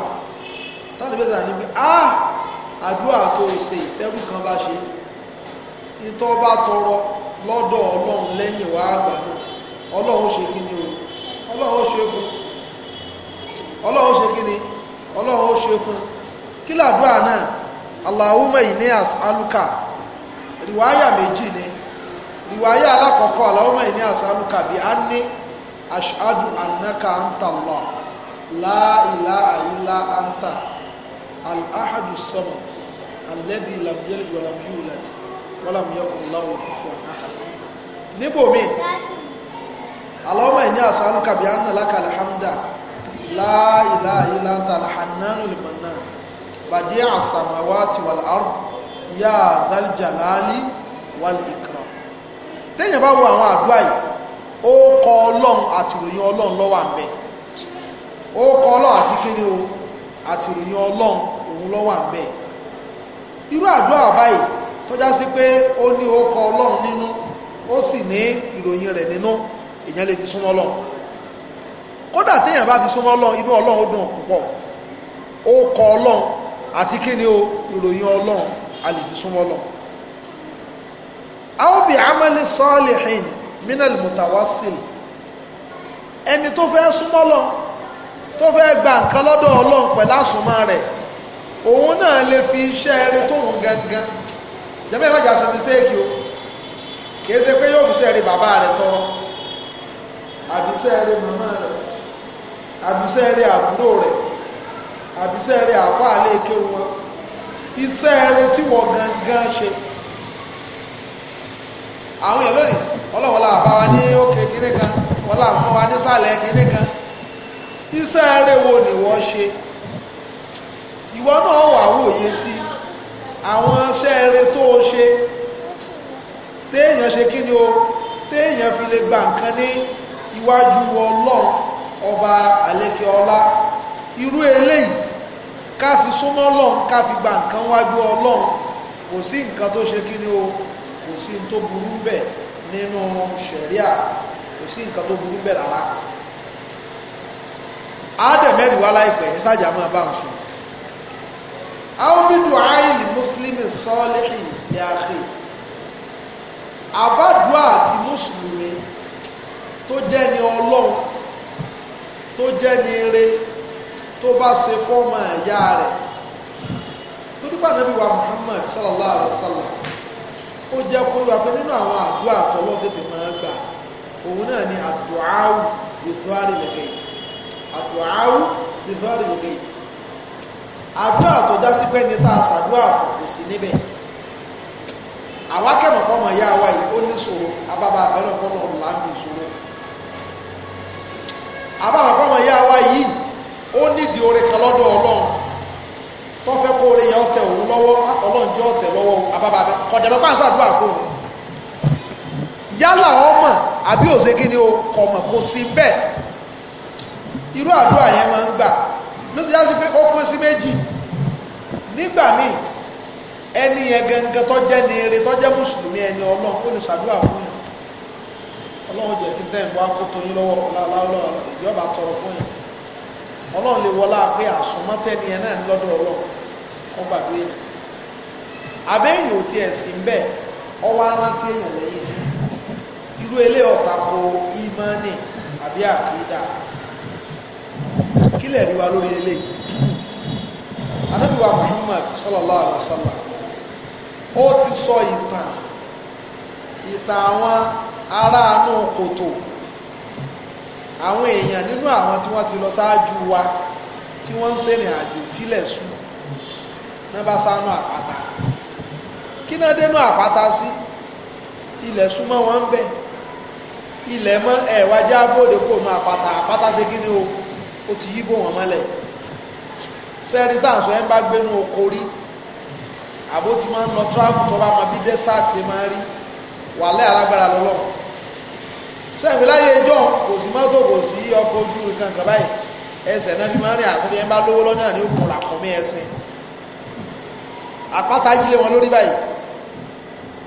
Speaker 1: táwọn ìbẹ́sà ní pé á àdúà tó ṣe ìtẹ́rù kan bá ṣe ìtọ́ bá tọrọ lọ́dọ̀ ọlọ́run lẹ́yìn wá àgbà náà ọlọ́run ṣe kí o ọlọ́run ṣe fún ọlọ́run ṣe kí ni ọlọ́run ṣe fún kí làdúà náà Allahumma inni as'aluka rìwáyà méjì ni rìwáyà alákọ̀ọ́kọ́ as'aluka bí a ní ashadu annaka anta Allah la ilaha illa anta al-ahadu samad alladhi lam yalid wa lam yulad wa lam yakun lahu kufuwan ahad níbòmí alọ́mọ ẹ̀yìn àsánú kàbí anna laka alhamda la ilaha illa anta al-hannanu limannan badi'a as-samawati wal ard ya dhal jalali wal téèyàn bá wo àwọn àdúrà yìí ó kọ ọlọ́run àtìròyìn ọlọ́run lọ́wọ́ àmì ó kọ ọlọ́run àti kíni o àti ìròyìn ọlọ́run òun ló wà ńbẹ̀ irú àdúrà báyìí tó já sí pé ó ní ó kọ ọlọ́run nínú ó sì ní ìròyìn rẹ̀ nínú èèyàn lè fi súnmọ́ ọlọ́run kódà téèyàn bá fi súnmọ́ ọlọ́run inú ọlọ́run ó dùn púpọ̀ ó ọlọ́run àti kíni o ìròyìn ọlọ́run a lè fi súnmọ́ ọlọ́run àwọn bí amẹ́lẹ́ sọ́ọ̀lì hìn mínàlì mùtàwásìlì ẹni tó fẹ́ súnmọ́ ọlọ́run tó fẹ́ gba nǹkan lọ́dọ̀ ọlọ́run pẹ̀lú àsùnmọ́ rẹ̀ òun náà lè fi iṣẹ́ eré tóun gangan jẹ́mẹ́ ìwájà ṣe mistake o kìí ṣe pé yóò fi iṣẹ́ eré bàbá rẹ̀ tọrọ àbíṣẹ́ eré màmá rẹ̀ àbíṣẹ́ eré àbúrò rẹ̀ àbíṣẹ́ eré àáfàá lè kéwu wọn iṣẹ́ eré tí wọ́n gangan ṣe àwọn èèyàn lónìí ọlọ́wọ́lá àbá ní òkè kínní kan wọ́n láwọn ọmọ wa kínní kan iṣẹ́ rẹ̀ wo ni wọ́n ṣe ìwọ náà wà wòye sí àwọn iṣẹ́ rẹ̀ tó o ṣe téèyàn ṣe kí ni o téèyàn fi lè gba nǹkan ní iwájú ọlọ́run ọba àlékè ọlá irú eléyìí ká fi súnmọ́ ọlọ́run ká fi gba nǹkan wájú ọlọ́run kò sí nǹkan tó ṣe kí ni o kò sí nǹkan tó burú bẹ̀ nínú ṣẹ̀ríà kò sí nǹkan tó burú bẹ̀ rárá àádẹ́mẹ́rin wá láìpẹ́ ẹ sájà máa bá ń sùn. aubidu aili muslimin sọ́ọ́lẹ́hì yaakhi àbádùá àti mùsùlùmí tó jẹ́ ni ọlọ́run tó jẹ́ ni eré tó bá ṣe fọ́ọ̀mù ẹ̀yà rẹ̀ tó nípa nàbí wa Muhammad sallallahu alayhi wa sallam ó jẹ́ kó wá pé nínú àwọn àdúrà àtọ́lọ́ tètè máa gbà òun náà ni àdúrà wù ìtọ́ àrìlẹ̀kẹ́yìn àdùáwù bìfọ́rì nìgbè àdúrà tó já sí pẹ́ni tá a ṣàdúrà fún kò sí níbẹ̀ àwa kẹ́mọ̀kọ́ mọ̀ yá wa yìí ó ní ṣòro abábá abẹ́rẹ́ ọpọlọ ọ̀la ń bì ṣòro abábàkọ́ mọ̀ yá wa yìí ó nídìí oore kan lọ́dọ̀ ọlọ́run tó fẹ́ kó oore yẹn ọ̀tẹ̀ òun lọ́wọ́ ọlọ́run jẹ́ ọ̀tẹ̀ lọ́wọ́ abábá abẹ́ kọ̀dẹ̀mọ́ pàṣẹ àdúrà fún un yálà ọmọ àbí òṣèkí ni o kọ̀mọ̀ kò sí bẹ́ẹ̀ irú àdúrà yẹn máa ń gbà ló ti yá sí pé ó pín sí méjì nígbà míì ẹni yẹn gangan tó jẹ́ eré tó mùsùlùmí ẹni ọlọ́run ó lè ṣàdúrà fún yẹn ọlọ́run jẹ́ kí tẹ́yìnbó akótó yín lọ́wọ́ ọláwọ́ ìjọba tọrọ fún yẹn ọlọ́run lè wọlá pé àsùnmọ́tẹ́ni yẹn náà lọ́dọ̀ ọlọ́run yẹn àbẹ́yìn òtí bẹ́ẹ̀ ọwọ́ arántí èèyàn lẹ́yìn irú kílẹ̀ rí wa lórí eléyìí Ànábì Muhammad sallallahu alaihi wa sallam ó ti sọ ìtàn ìtàn àwọn aráàánú kòtò àwọn èèyàn nínú àwọn tí wọ́n ti lọ ṣáájú wa tí wọ́n ń ṣèrìn àjò tílẹ̀ sùn náà bá sánú àpáta kí náà dénú àpáta sí ilẹ̀ súnmọ́ wọn ń bẹ̀ ilẹ̀ mọ́ ẹ̀wájá bóde kò nu àpáta àpáta ṣe kí ni o ó ti yíbò wọn mọ́lẹ̀ sẹ́ẹ̀rí tá à ń sọ ẹ́ bá gbénu oko rí àbó ti máa ń lọ tíráfù tó bá máa bí desert ṣe máa rí wàhálà alágbára lọ́lọ́ sẹ́ẹ̀rí láyé ẹjọ́ kò sí mọ́tò kò sí ọkọ̀ ojú kankan báyìí ẹsẹ̀ náà fi máa ń rìn àtúndì ẹ̀ ń bá lówó lọ́jọ́ ní òkun làkọ́mí ẹsìn àpáta yílé wọn lórí báyìí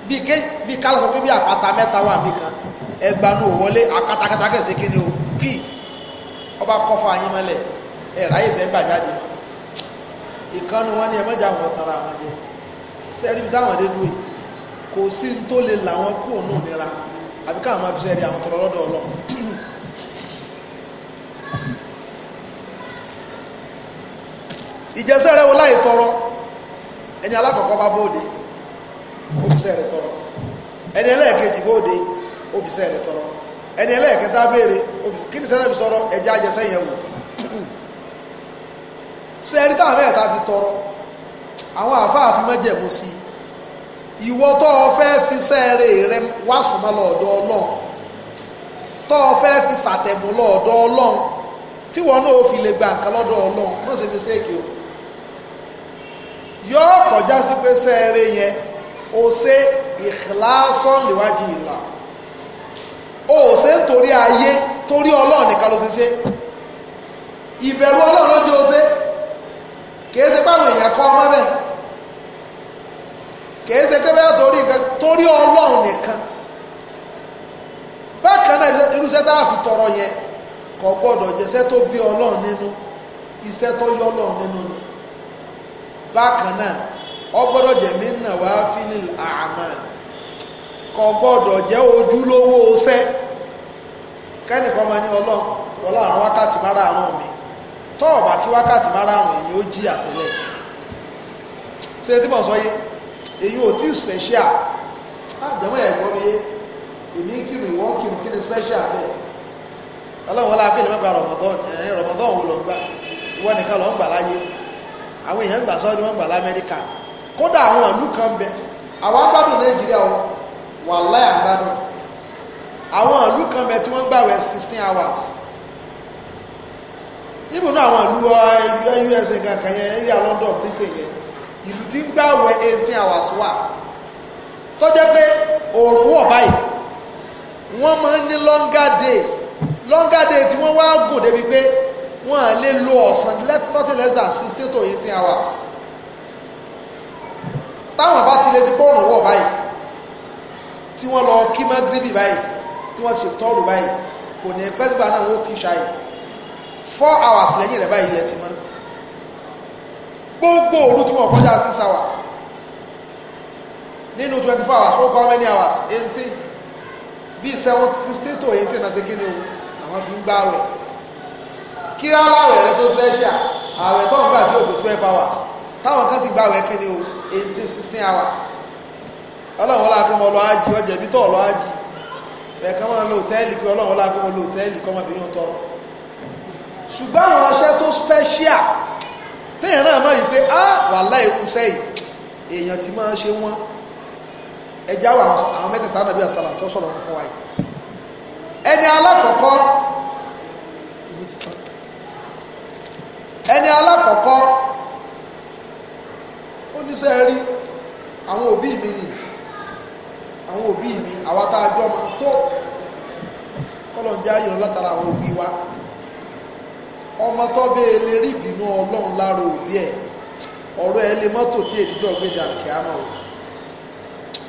Speaker 1: bí ké bí kálọ̀ sọ pé bí àpáta mẹ́ta wà mí kan ẹgbàá náà wọlé àkàtàkàtà kẹsẹ̀ kí ni o píì ọba kọfà yín mọ́lẹ̀ ẹ ráyè tẹ́ gbà jáde mọ́ ìkànnì wọn ni ẹ mọ́jà wọn tara wọn jẹ sẹ́ẹ̀rì bí táwọn dé dúró kò sí ní tó lè làwọn kú òun náà nira àbí káwọn máa fi sẹ́ẹ̀rì àwọn tọrọ lọ́dọ̀ ọlọ́run. ìjẹsẹ́rẹ́ wo láì tọrọ ẹni alákọ̀ọ́kọ́ bá bóde ó fi sẹ́ẹ̀rì tọrọ ẹni ẹlẹ́ẹ̀kejì bóde ó fi sẹ́ẹ̀rì tọrọ ẹni ẹlẹ́ẹ̀kẹta béèrè kí ni sẹ́lẹ̀ fi sọ̀rọ̀ ẹ̀jẹ̀ ajẹsẹ́ yẹn wò ṣe ẹni táwọn mẹ́ta fi tọrọ àwọn àáfàá fi mẹ́jẹ̀mú sí ìwọ tó o fẹ́ fi sẹ́ẹ̀rẹ̀ rẹ wá sùnmọ́ lọ́ọ̀dọ̀ ọlọ́run tó o fẹ́ fi sàtẹ̀mú lọ́ọ̀dọ̀ ọlọ́run tí wọn náà fi lè gba nǹkan lọ́dọ̀ ọlọ́run náà ṣe fi ṣéèkì o yọ kọjá sí pé sẹ́ẹ̀rẹ̀ yẹn o ṣe ìkìláṣọ́ níwájú ìlà o ò ṣe ń torí ayé torí ọlọ́run nìkan ló ṣe ṣe ìbẹ̀rù ọlọ́run ló jẹ́ o ṣe kìí ṣe báwọn èèyàn kọ́ ọmọ bẹ́ẹ̀ kìí ṣe pé bẹ́ẹ̀ torí nǹkan torí ọlọ́run nìkan bákan náà irúṣẹ́ tá a fi tọrọ yẹn kò gbọ́dọ̀ jẹ́ṣẹ́ tó bí ọlọ́run nínú iṣẹ́ tó yọ ọlọ́run nínú ni bákan náà ó jẹ́ mí nà wá fílì àmàlì. kò gbọdọ jẹ́ ojúlówó ṣẹ́ kẹ́nìkan máa ní ọlọ́run wọlé àrùn wákàtí márààrún mi tọ́ọ̀bà kí wákàtí márààrún èyí ó jí àtẹ́lẹ̀ ṣé tí mo sọ yé èyí ò tí special ah, àjẹmọ́ ẹ̀gbọ́n mi yé èmi kí ni special gbà nìkan ń gbà láyé àwọn èèyàn gbà wàláhì àgbàdùn àwọn ìlú kan bẹ tí wọ́n gbàwẹ̀ sixteen hours ibùdó àwọn ìlú usa uh, uh, kankan yẹn area London Britain yẹn ìlú tí ń gbàwẹ̀ eighteen hours wà tó jẹ́ pé òòrùn wọ̀ báyìí wọ́n máa ń ní longer day longer day tí wọ́n wá gùn débi pé wọ́n á lè lo ọ̀sán nothing less than sixteen to eighteen hours táwọn bá ti lè di pé òòrùn wọ̀ báyìí tí wọ́n lọ kí mọ́gírìbì báyìí tí wọ́n ṣe tọ́ọ̀rù báyìí kò ní pẹ́sìgbà náà wọ́n kì í ṣayé four hours lẹ́yìn rẹ̀ báyìí ilẹ̀ ti mọ́ gbogbo òru tí wọ́n kọjá six hours nínú twenty four hours ó kọ́ how many hours Eighty. bíi seven sixteen to eighty. náà ṣe kí ni o làwọn fi ń gbá àwẹ̀ kí aláwẹ̀ rẹ tó fẹ́ ṣe àwẹ̀ tó ń gbà tí ó twelve hours táwọn kan sì gbá àwẹ̀ kí ni o eighteen sixteen hours ọlọ́run ọlá akọ́mọ lọ ájì ọjẹ́ bí tọ́ lọ ájì fẹ́ ká máa lo hòtẹ́ẹ̀lì pé ọlọ́run ọlá akọ́mọ lo hòtẹ́ẹ̀lì kọ́ máa fi yàn tọrọ ṣùgbọ́n àwọn ọṣẹ́ tó special téèyàn náà máa yìí pé á wà láìkú sẹ́yìn èèyàn ti máa ṣe wọ́n ẹja wà àwọn mẹ́tẹ̀ẹ̀ta nàbí àsàlà tó sọ̀rọ̀ fún wa yìí ẹni alákọ̀ọ́kọ́ ẹni alákọ̀ọ́kọ́ ó ní sẹ́ẹ̀rí àwọn òbí mi nìyí àwọn òbí mi àwa tá a jọ ọmọ tó kọ́lọ̀ ń jẹ́ ayọ̀ látara àwọn òbí wa ọmọ tó bẹ́ẹ̀ lè rí ìbínú ọlọ́run lára òbí ẹ̀ ọ̀rọ̀ ẹ lè mọ́tò tí èdèjọ́ gbéjà kí á máa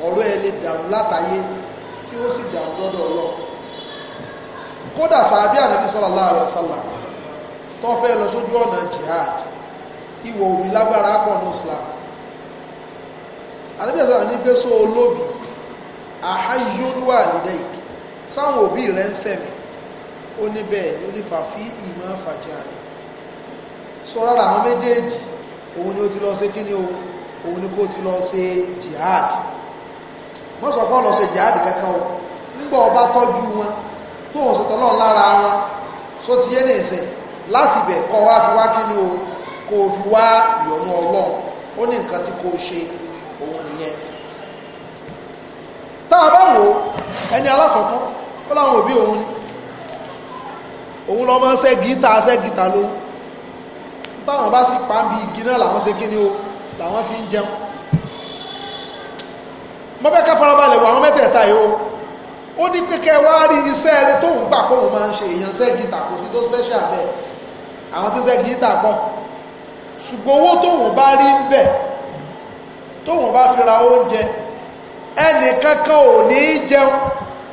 Speaker 1: ọ̀rọ̀ ẹ lè dàrú látàyé tí ó sì dàrú lọ́dọ̀ ọlọ́run kódà sàbí ànábì sallallahu alaihi wasallam tó fẹ́ lọ sójú ọ̀nà jihad ìwọ̀ òbí lágbára pọ̀ ní Islam ànábì sallallahu ní gbèsò olóbi àháyóluwà nílẹ̀ ìkì sáwọn òbí rẹ̀ ń sẹ̀mí ó ní bẹ́ẹ̀ ni ó ní fàfí ìmọ̀ fàjà rẹ̀ sọ rárá àwọn méjèèjì òun ni ó ti lọ ṣe kí ni o òun ni kó ti lọ ṣe jihad wọ́n sọ pé ó lọ ṣe jihad kankan o nígbà ọba tọ́jú wọn tó ń ṣètò ọlọ́run lára wọn só ti yé ní ìsìn láti bẹ̀ kọ́ wá fi wá kí ni o kò fi wá ìyọ̀nù ọlọ́run ó ní nǹkan tí kò ṣe òun nìyẹn tá a bá wò ó ẹni alákọ̀ọ́kọ́ ó láwọn òbí òun ni òun lọ máa ń ṣe gíta ṣe gíta ló táwọn bá sì pa bí igi náà làwọn ṣe kíni o làwọn fi ń jẹun mo fẹ́ ká farabalẹ̀ wọ àwọn mẹ́tẹ̀ẹ̀ta yìí o ó ní pé kẹ́ wá rí iṣẹ́ rẹ tóun gbà pé òun máa ń ṣe èèyàn ṣe gíta kò sí tó special bẹ́ẹ̀ àwọn tí ń ṣe gíta pọ̀ ṣùgbọ́n owó tóun bá rí ń bẹ̀ tóun bá fi ra oúnjẹ ẹnì kankan ò ní í jẹun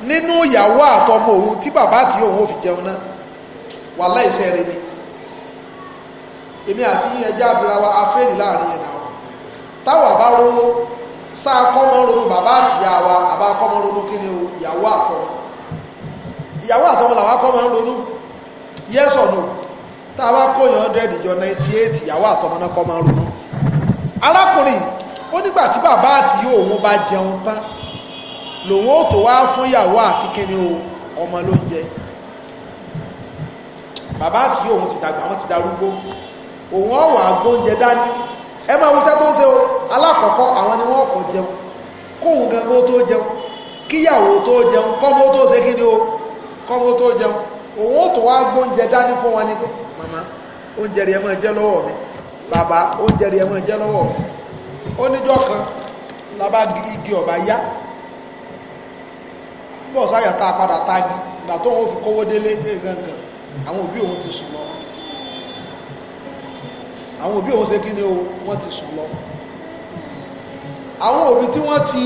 Speaker 1: nínú ìyàwó àtọmọ òun tí bàbá àti òun ò fi jẹun náà wàhálà iṣẹ́ rẹ ni èmi àti ẹja abira wa afẹ́rì láàrin ẹ̀dá wa táwa bá rówó sáà kọ́mọ ronú bàbá wa àbá kọ́mọ ronú ni o ìyàwó àtọmọ ìyàwó àtọmọ làwa kọ́mọ ronú yes or no tá a bá ìyàwó àtọmọ náà kọ́mọ ronú arákùnrin ó nígbà tí bàbá àti yóò òun bá jẹun tán lòun ó tó wá fún ìyàwó àti kíni o ọmọ ló ń jẹ bàbá àti yóò òun ti dàgbà wọn ti darúgbó òun ọ̀wà agbóúnjẹ dání ẹ máa wọṣẹ́ tó ń ṣe o alákọ̀ọ́kọ́ àwọn ni wọ́n kọ̀ jẹun kóun gangan tó jẹun kíyàwó tó jẹun kọ́mọ tó ṣe kíni o kọ́mọ tó jẹun òun ó tó wá agbóúnjẹ dání fún wọn ni pé màmá oúnjẹ rẹ máa jẹ lọ́wọ́ mi bàbá oúnjẹ rẹ máa jẹ lọ́wọ́ mi ó níjọ́ kan labá igi ọ̀bá yá bọ́ sáyà tá a padà tagi, ìgbà tó wọn fi kówó délé gangan àwọn òbí òun ti sùn lọ àwọn òbí òun ṣe kí ni o wọ́n ti sùn lọ àwọn òbí tí wọ́n ti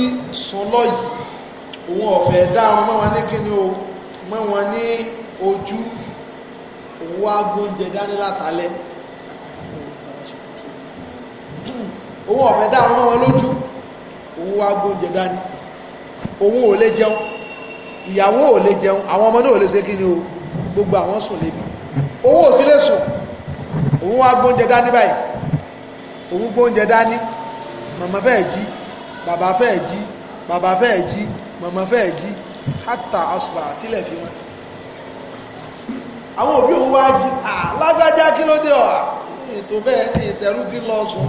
Speaker 1: sùn lọ yìí òun ọ̀fẹ́ dá mọ́ wọn ní kí ni o mọ́ wọn ní ojú òun wá gbóúnjẹ dání látàlẹ́ owó ọ̀fẹ́ dá mọ́ wọn lójú òun wá gbóúnjẹ dání òun ò lè jẹun ìyàwó ò lè jẹun àwọn ọmọ náà ò lè ṣe kí ni o gbogbo àwọn sùn lébi owó ò sí lè sùn òun wá gbóúnjẹ dání báyìí òun gbóúnjẹ dání màmá fẹ́ jí bàbá fẹ́ jí bàbá fẹ́ jí màmá fẹ́ jí hátà àsùbà àtìlẹ̀ fi wọn àwọn òbí òun wá jí àlágbájá kí ló dé ọ̀ ètò bẹ́ẹ̀ ni ìtẹ̀rù ti lọ sùn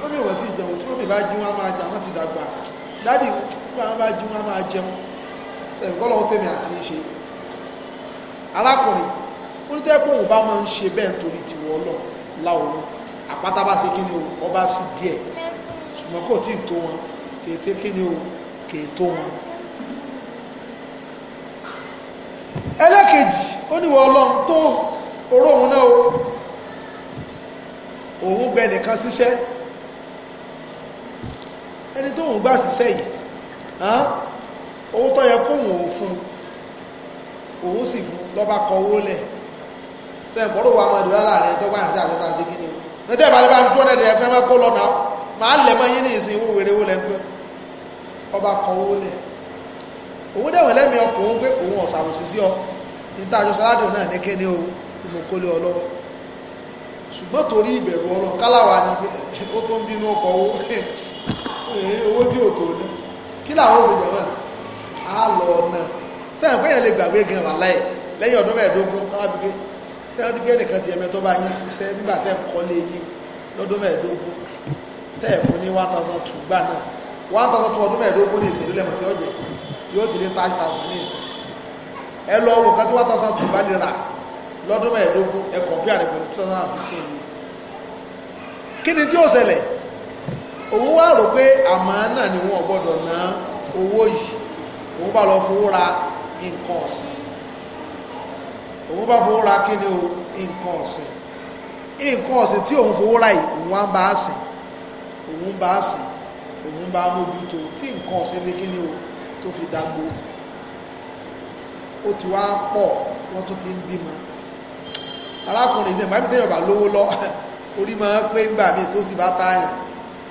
Speaker 1: mọ́mí ò tí ì jẹun tí mọ́mí bá jí wọn á máa jẹ àwọn ti dàgbà dádì tí wọn bá jí wọn á máa jẹun sẹ́yìn kọ́ lọ́wọ́ tèmi àti ṣe arákùnrin ó ní tẹ́kùn òun bá máa ń ṣe bẹ́ẹ̀ torí tiwọ́ ọlọ́run láòrùn àpáta bá ṣe kíni o ọba sí díẹ̀ ṣùgbọ́n kò tí ì tó wọn kì í ṣe kíni o kì í tó wọn. ẹlẹ́kejì ó níwọ̀ ọlọ́run tó oró òun náà o òun gbẹ nìkan ṣiṣẹ́ ẹni tó ń gbà síṣẹ́ yìí owó tó yẹ kóhùn ò fún òun sì fún lọ́ba kọ owó lẹ̀ sẹ́yìn bọ́dọ̀ wà máa dùrá láàrin tó bá yàn sí àtọ́ta sí kíni o nítorí ìbálẹ̀ bá mi tó ọ̀nẹ́dẹ̀ ẹ̀fẹ́ máa kó lọ́nà máa lẹ̀ mọ́ yín ní ìsìn owó wèrè owó lẹ́gbẹ́ ọba kọ owó lẹ̀ òun dẹ̀wọ̀n lẹ́mi ọkọ̀ òun pé òun ọ̀sàbòsí sí ọ níta àjọ sàládì náà ní kíni o ìmọ̀kólé ọlọ́wọ́ ṣùgbọ́n torí ìbẹ̀rù ọlọ́ káláwa ni ó tó ń bínú ọkọ̀ owó Eh, owó tí ò tó ní kí làwọn òfin jọ̀wọ́ à lọ ọ̀nà sẹ́yìn pé yẹn lè gbàgbé gan wà láì lẹ́yìn ọdún mẹ́ẹ̀ẹ́dógún táwa bí gé sẹ́yìn ti gbé nìkan ti ẹ̀mẹ́ tó bá yín ṣiṣẹ́ nígbà tẹ́ ń kọ́lé yín lọ́dún mẹ́ẹ̀ẹ́dógún tẹ́ ẹ̀ fún ní one thousand two gbà náà one thousand two ọdún mẹ́ẹ̀ẹ́dógún ní ìṣèlú lẹ́mọ̀ tí ó jẹ yóò ti lé five thousand ní ìṣẹ́ ẹ lọ wò kí one thousand two bá lè rà lọ́dún mẹ́ẹ̀ẹ́dógún ẹ kọ̀ọ̀pì àrẹ̀ pẹ̀lú two thousand and fifteen yìí kí ni tí ó ṣẹlẹ̀ òun wá rò pé àmọ́ náà ni wọn ò gbọ́dọ̀ ná owó yìí òun bá lọ fowó ra nǹkan ọ̀sìn òun bá fowó ra kí ni o nǹkan ọ̀sìn nǹkan ọ̀sìn tí òun fowó ra yìí òun wá ń bá a sìn òun bá a sìn òun bá mójútó tí nǹkan ọ̀sìn lé kí ni o tó fi dágbó ó ti wá pọ̀ wọ́n tún ti ń bímọ arákùnrin ìsìn bá mi tẹ́yọ̀ bá lówó lọ orí máa ń pé ńgbà mi tó sì bá táyà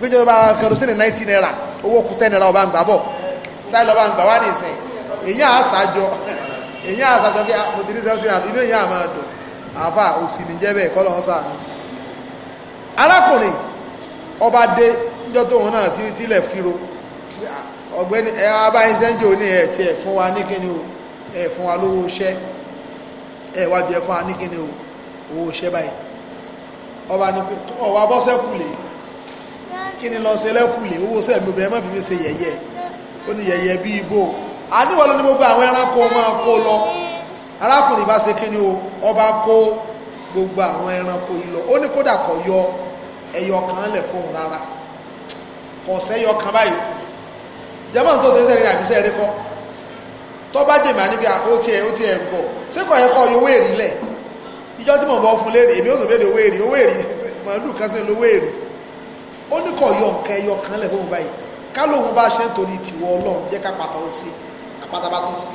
Speaker 1: gbẹjọ bá kẹrosínì náìtì náírà owó kútẹ́ náírà ọba ń gbà bọ̀ sáyẹn lọ́ba ń gbà wá nìsín èyí àṣàjọ èyí àṣàjọ kí mo ti ní sẹ́wọ́n fìyà inú èyí àmọ́ dùn àáfà òsì níjẹ́ bẹ́ẹ̀ kọ́ lọ́wọ́ sáà arákùnrin ọba dé níjọ́ tóun náà tilẹ̀ firo ọ̀gbẹ́ni ẹ abáyín sẹ́ńjì òní ẹ̀ tí fún wa ní kíni o ẹ̀ fún wa lówó iṣẹ́ ẹ̀ wá bí fún wa ní kíni o owó iṣẹ́ báyìí ọba ní ọwọ́ abọ́sẹ́kù lèyí kí ni lọ ṣe lẹ́kùlé owó sẹ́mi obìnrin ẹ má fi mi ṣe yẹ̀yẹ́ ó ní yẹ̀yẹ́ bí ibo àníwọ̀ ní gbogbo àwọn ẹranko máa kó lọ arákùnrin bá ṣe kí o ọba kó gbogbo àwọn ẹranko yìí lọ ó ní kódà kọ yọ ẹyọ kan lẹ̀ fóun rárá kọ̀ sẹ́yọ kan báyìí jẹ́mọ̀ tó ṣe ń sẹ́rin àbíṣẹ́ rẹ kọ́ tọ́ba jèmí àníbi ó tiẹ̀ ó tiẹ̀ gọ̀ sẹ́kọ̀ yẹ kọ́ owó èrì lẹ̀ ìjọ tí mo bọ́ fún léèrè èmi ò tó béèrè owó èrì owó èrì màálù kan lówó èrì ó ní kò yọ nǹkan ẹyọ kan lẹ̀ fóun báyìí ká lóun bá ṣe ń torí tìwọ ọlọ́run jẹ́ ká pàtà ó sí àpáta bá tó sí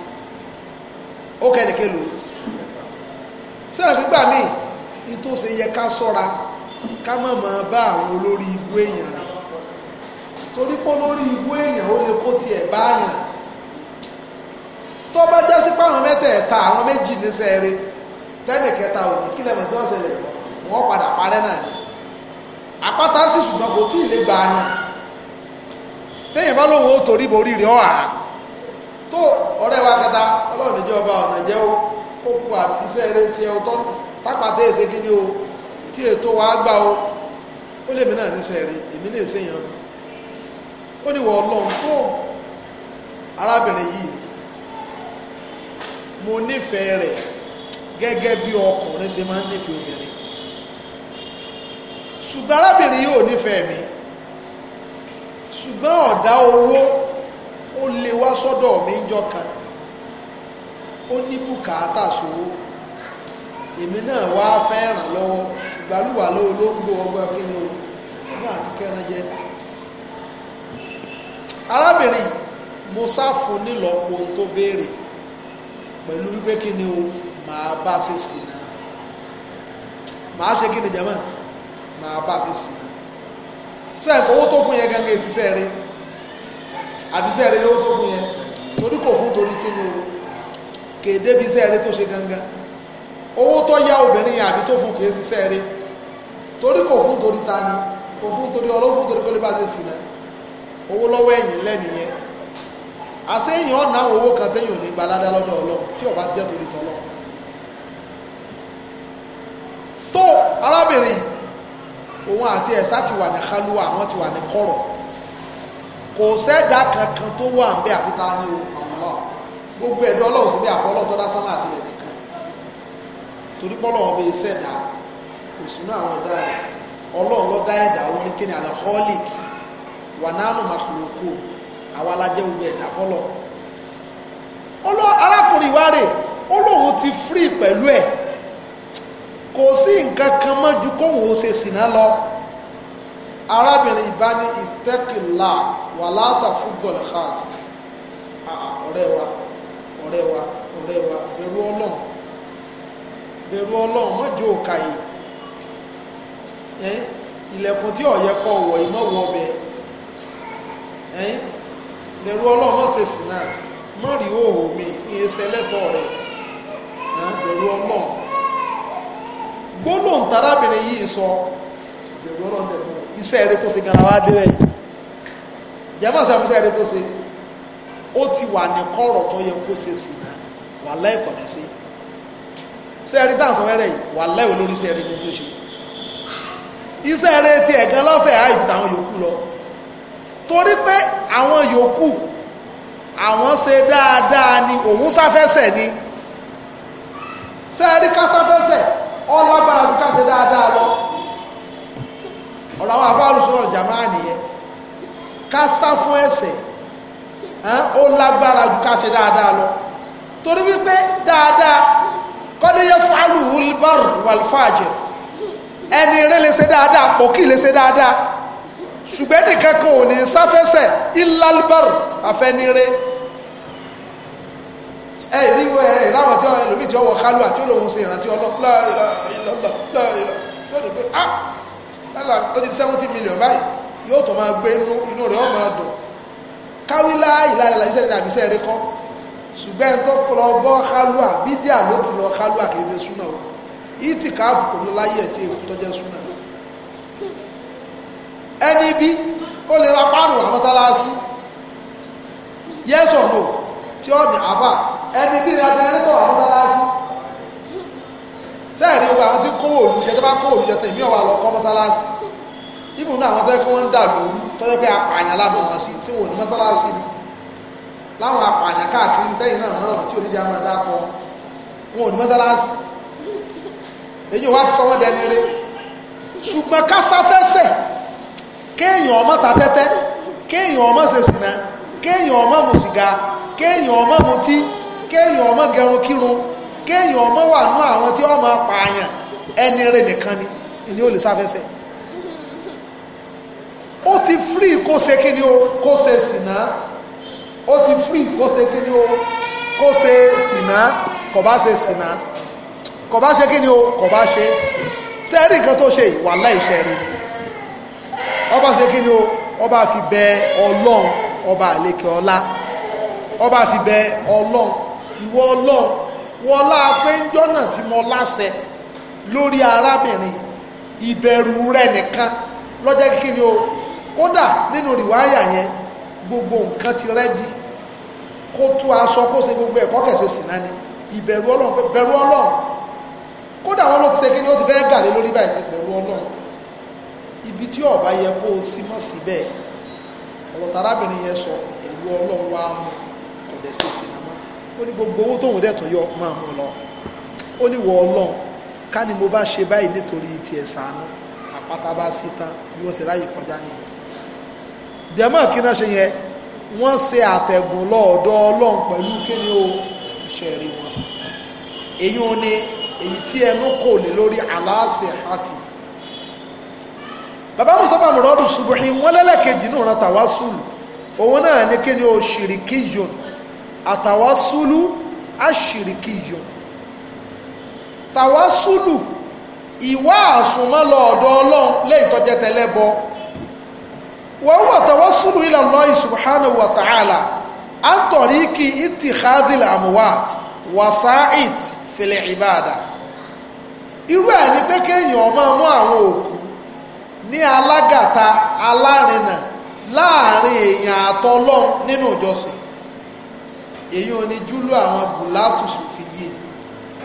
Speaker 1: ó kẹ́ nìkan lò ó sẹ́yìn gbígbà míì nítòsí yẹ ká sọ́ra ká má máa bá àwọn olórí ibú èèyàn rẹ̀ torí pé olórí ibú èèyàn ó lè kó tiẹ̀ báyàn tó bá jásí páwọn mẹ́tẹ̀ẹ̀ta àwọn méjì ní sẹ́ẹ̀rẹ́ tẹ́nì kẹta ò ní kílẹ̀ mọ̀ tí wọ́n ṣẹlẹ̀ wọ́n padà parẹ́ náà ni àpáta sì ṣùgbọ́n kò tí ì lè gbà yẹn téèyàn bá lóun ó torí borí rẹ̀ ọ́ à tó ọ̀rẹ́ wa kẹta ọlọ́run ìjẹ́ ọba ọ̀nà jẹ́ ó ó kú àbísẹ́ eré tí ẹ tọ́ tápàtẹ́ èsè kí ni o tí ètò wa gbà o ó lèmi náà ní sẹ́ẹ̀rí èmi náà ṣèyàn ó ní wọ ọlọ́run tó arábìnrin yìí ni mo nífẹ̀ẹ́ rẹ̀ gẹ́gẹ́ bí ọkùnrin ṣe máa ń nífẹ̀ẹ́ obìnrin ṣùgbọ́n arábìnrin yóò nífẹ̀ẹ́ mi ṣùgbọ́n ọ̀dá owó ó lé wá sọ́dọ̀ mi kan ó ní bùkátà sówó èmi náà wá fẹ́ ràn lọ́wọ́ ṣùgbọ́n lùwà lóńgbò ọgbọ́n kí o ọgbọ́n àti kẹran jẹ arábìnrin fún tó béèrè pẹ̀lú wípé o máa bá ṣe sí i sẹ́ẹ̀kọ́ owó tó fún yẹn gangan ìṣiṣẹ́ rẹ àbí iṣẹ́ rẹ lówó tó fún yẹn torí kò fún torí kí ni o kéde bí iṣẹ́ rẹ tó ṣe gangan owó tó yá obìnrin yẹn àbí tó fún kì í ṣiṣẹ́ rẹ torí kò fún torí ta ni kò fún torí ọlọ́wọ́ fún torí kó lè bá ṣe sí i náà owó lọ́wọ́ ẹ̀yìn lẹ́nìyẹn àṣeyìn ọ̀nà owó kan tẹ́yìn ò ní gba aládá lọ́dọ̀ ọlọ́run tí ó òun àti ẹ̀sà ti wà ní kálúwà àwọn ti wà ní kọ̀rọ̀ kò sẹ́dá kankan tó wà ń bẹ́ àfitá ní ọ̀nà gbogbo ẹ̀dọ́ ọlọ́run sílẹ̀ àfọlọ́ tó dá sánmà àti rẹ̀ nìkan torí pọ́lọ́ wọn bẹ́ẹ̀ sẹ́dá kò sínú àwọn ẹ̀dá rẹ̀ ọlọ́run ló dá ẹ̀dá wọn ní kíni alcoholic wà nánú màkùlùkù àwa la jẹ́ gbogbo ẹ̀dá fọlọ́ arákùnrin ìwárè ó lóun ti free pẹ̀lú ẹ̀ kò sí nǹkan kan mọ́ ju kóhùn ó ṣe sìnà lọ arábìnrin ìbá ní ìtẹ́kìlá wà látà fún gọlẹ̀kàtì ọ̀rẹ́ wa ọ̀rẹ́ wa ọ̀rẹ́ wa bẹ̀rù ọlọ́run bẹ̀rù ọlọ́run má jẹ́ òkàyè ilẹ̀kùn tí ọ̀yẹ́ kọ wọ̀ iná wọ ọbẹ̀ bẹ̀rù ọlọ́run má ṣe sìnà má rí òhò mi ní ẹsẹ̀ lẹ́tọ̀ọ́ rẹ̀ bẹ̀rù ọlọ́run gbólóhùn tarábìnrin yìí sọ iṣẹ́ eré tó ṣe gan-an wá dé bẹ́ẹ̀ jẹ́mọ̀ sí àmúṣe eré tó ṣe ó ti wà ní kọ́rọ̀ tó yẹ kó ṣe sí náà wà láì kọ̀ dẹ́sẹ̀ iṣẹ́ eré dáhùn sọ́wẹ́rẹ́ yìí wà láì olórí iṣẹ́ eré ní tó ṣe iṣẹ́ eré ti ẹ̀gán lọ́fẹ̀ẹ́ àìbí táwọn yòókù lọ torí pé àwọn yòókù àwọn ṣe dáadáa ni òun sáfẹ́sẹ̀ ni sẹ́ẹ̀rí ká sáfẹ́sẹ̀ ọlágbára tó kà ṣe dáadáa lọ ọ̀rọ̀ àwọn afáàlù sọ̀rọ̀ jàmáà nìyẹn ká sá fún ẹ̀ṣẹ̀ ó lágbára ju ká ṣe dáadáa lọ torí wípé dáadáa kọ́ni yẹ fàálù wulbar wàlfàjẹ ẹni eré lè ṣe dáadáa pòkì lè ṣe dáadáa ṣùgbẹ́ nìkan kan ní sáfẹ́sẹ̀ ilalbar àfẹnire ẹ ìrí ìráwọ̀ tí ẹlòmíì tí ó wọ kálù àti olóhùn ṣe ìrántí ọlọ́pàá yóò dùn pé ah lálà ó ti di seventy million báyìí yóò tó máa gbé inú inú rẹ̀ ó máa dùn káwí láàyè láàyè láàyè sẹ́ni àbí sẹ́ni kọ́ ṣùgbọ́n tó lọ bọ́ kálù àbí díà ló ti lọ kálù àkèyí ṣe súnà o yìí ti káàfù kò ní láyé ẹ̀ tí èkó tó jẹ́ súnà ẹni bí ó lè ra páàrùn àwọn mọ́sálásí yes or no tí ó ní àfà ẹni bí adẹ́rẹ́tọ̀ àmọ́sálásí sẹ́ẹ̀rí gbogbo àwọn tí kó òlùjẹ tó bá kó òlùjẹ tó ìmí ọ̀wà lọ kọ́ mọ́sálásí ibùdó àwọn tó yẹ kí wọ́n ń dà lóru tó yẹ pé apààyàn lámọ̀ wọn sí sí wọn ní mọ́sálásí ni láwọn apààyàn káàkiri tẹ́yìn náà náà tí onídìí àwọn ẹ̀dá kọ wọn ò ní mọ́sálásí èyí wá ti sọ wọ́n dẹni rẹ ṣùgbọ́n kásáfẹ́sẹ̀ kéèyàn ọmọ ta tẹ́tẹ́ kéèyàn ọmọ ṣèṣìnà kéèyàn ọmọ mu sìgá kéèyàn ọmọ mutí kéèyàn ọmọ gẹrun kírun kéèyàn ọmọ wà nú àwọn tí ọmọ pààyàn ẹni rẹ nìkan ni ìní ò lè sáfẹsẹ ó ti firi kó ṣe kíni o kó ṣe sìnà ó ti firi kó ṣe kíni o kó ṣe sìnà kò bá ṣe sìnà kò bá ṣe kíni o kò bá ṣe sẹ́ẹ̀rì nǹkan tó ṣe wàhálà ìṣẹ̀rí ni ọba ṣe kíni o ọba fi bẹ ọlọ́run ọba àlekè ọlá ọba fi bẹ ọlọ́run ìwọ ọlọ́run wọlá pé ń jọ́nà tí mo láṣẹ lórí arábìnrin ìbẹ̀rù rẹ nìkan lọ́jọ́ kíkiri o kódà nínú rìwáyà yẹn gbogbo nǹkan ti rẹ́dí kó tú aṣọ kó ṣe gbogbo ẹ̀kọ́ kẹsẹ̀ sí náà ni ìbẹ̀rù ọlọ́run bẹ̀rù ọlọ́run kódà wọn ló ti ṣe kíni ó ti fẹ́ gàlé lórí báyìí bẹ̀rù ọlọ́run ibi tí ọba yẹ kó o símọ́ síbẹ̀ ọ̀rọ̀ tarábìnrin yẹn sọ ẹ̀rú ọlọ́run wá mú kò dẹ̀ ṣe sìnà mọ́ ó ní gbogbo owó tóun dẹ̀ tún yọ máa mú lọ ó ní wọ ọlọ́run ká ni mo bá ṣe báyìí nítorí tiẹ̀ sànú àpáta bá sí tán bí wọ́n ṣe ráyè kọjá nìyẹn dẹ̀mọ́ kí náà ṣe yẹn wọ́n ṣe àtẹ̀gùn lọ́ọ̀dọ̀ ọlọ́run pẹ̀lú kíni o ìṣẹ̀rí wọn èyí ò ní èyí tí ẹnu kò lè lórí aláṣẹ àti bàbá mustapha muradu subuhi wọn lẹ́lẹ́kejì náà ran tàwásùlù òun náà ní kí ni o ṣìríkìyùn àtàwásùlù àṣìríkìyùn tàwásùlù ìwà àsùnmọ́ lọ ọ̀dọ̀ ọlọ́run lẹ́yìn tó jẹ́ tẹlẹ́bọ wọ́n wà tàwásùlù ila Allahi subhanahu wa ta'ala antoriki itikhadil amuwat wasa'id fil ibada irú ẹ̀ ní pé kéèyàn máa àwọn òkú ní alágàta alárinà láàrin èèyàn àtọlọ́n nínú ìjọsìn èyí ò ní júlù àwọn bùlátù sùfì yìí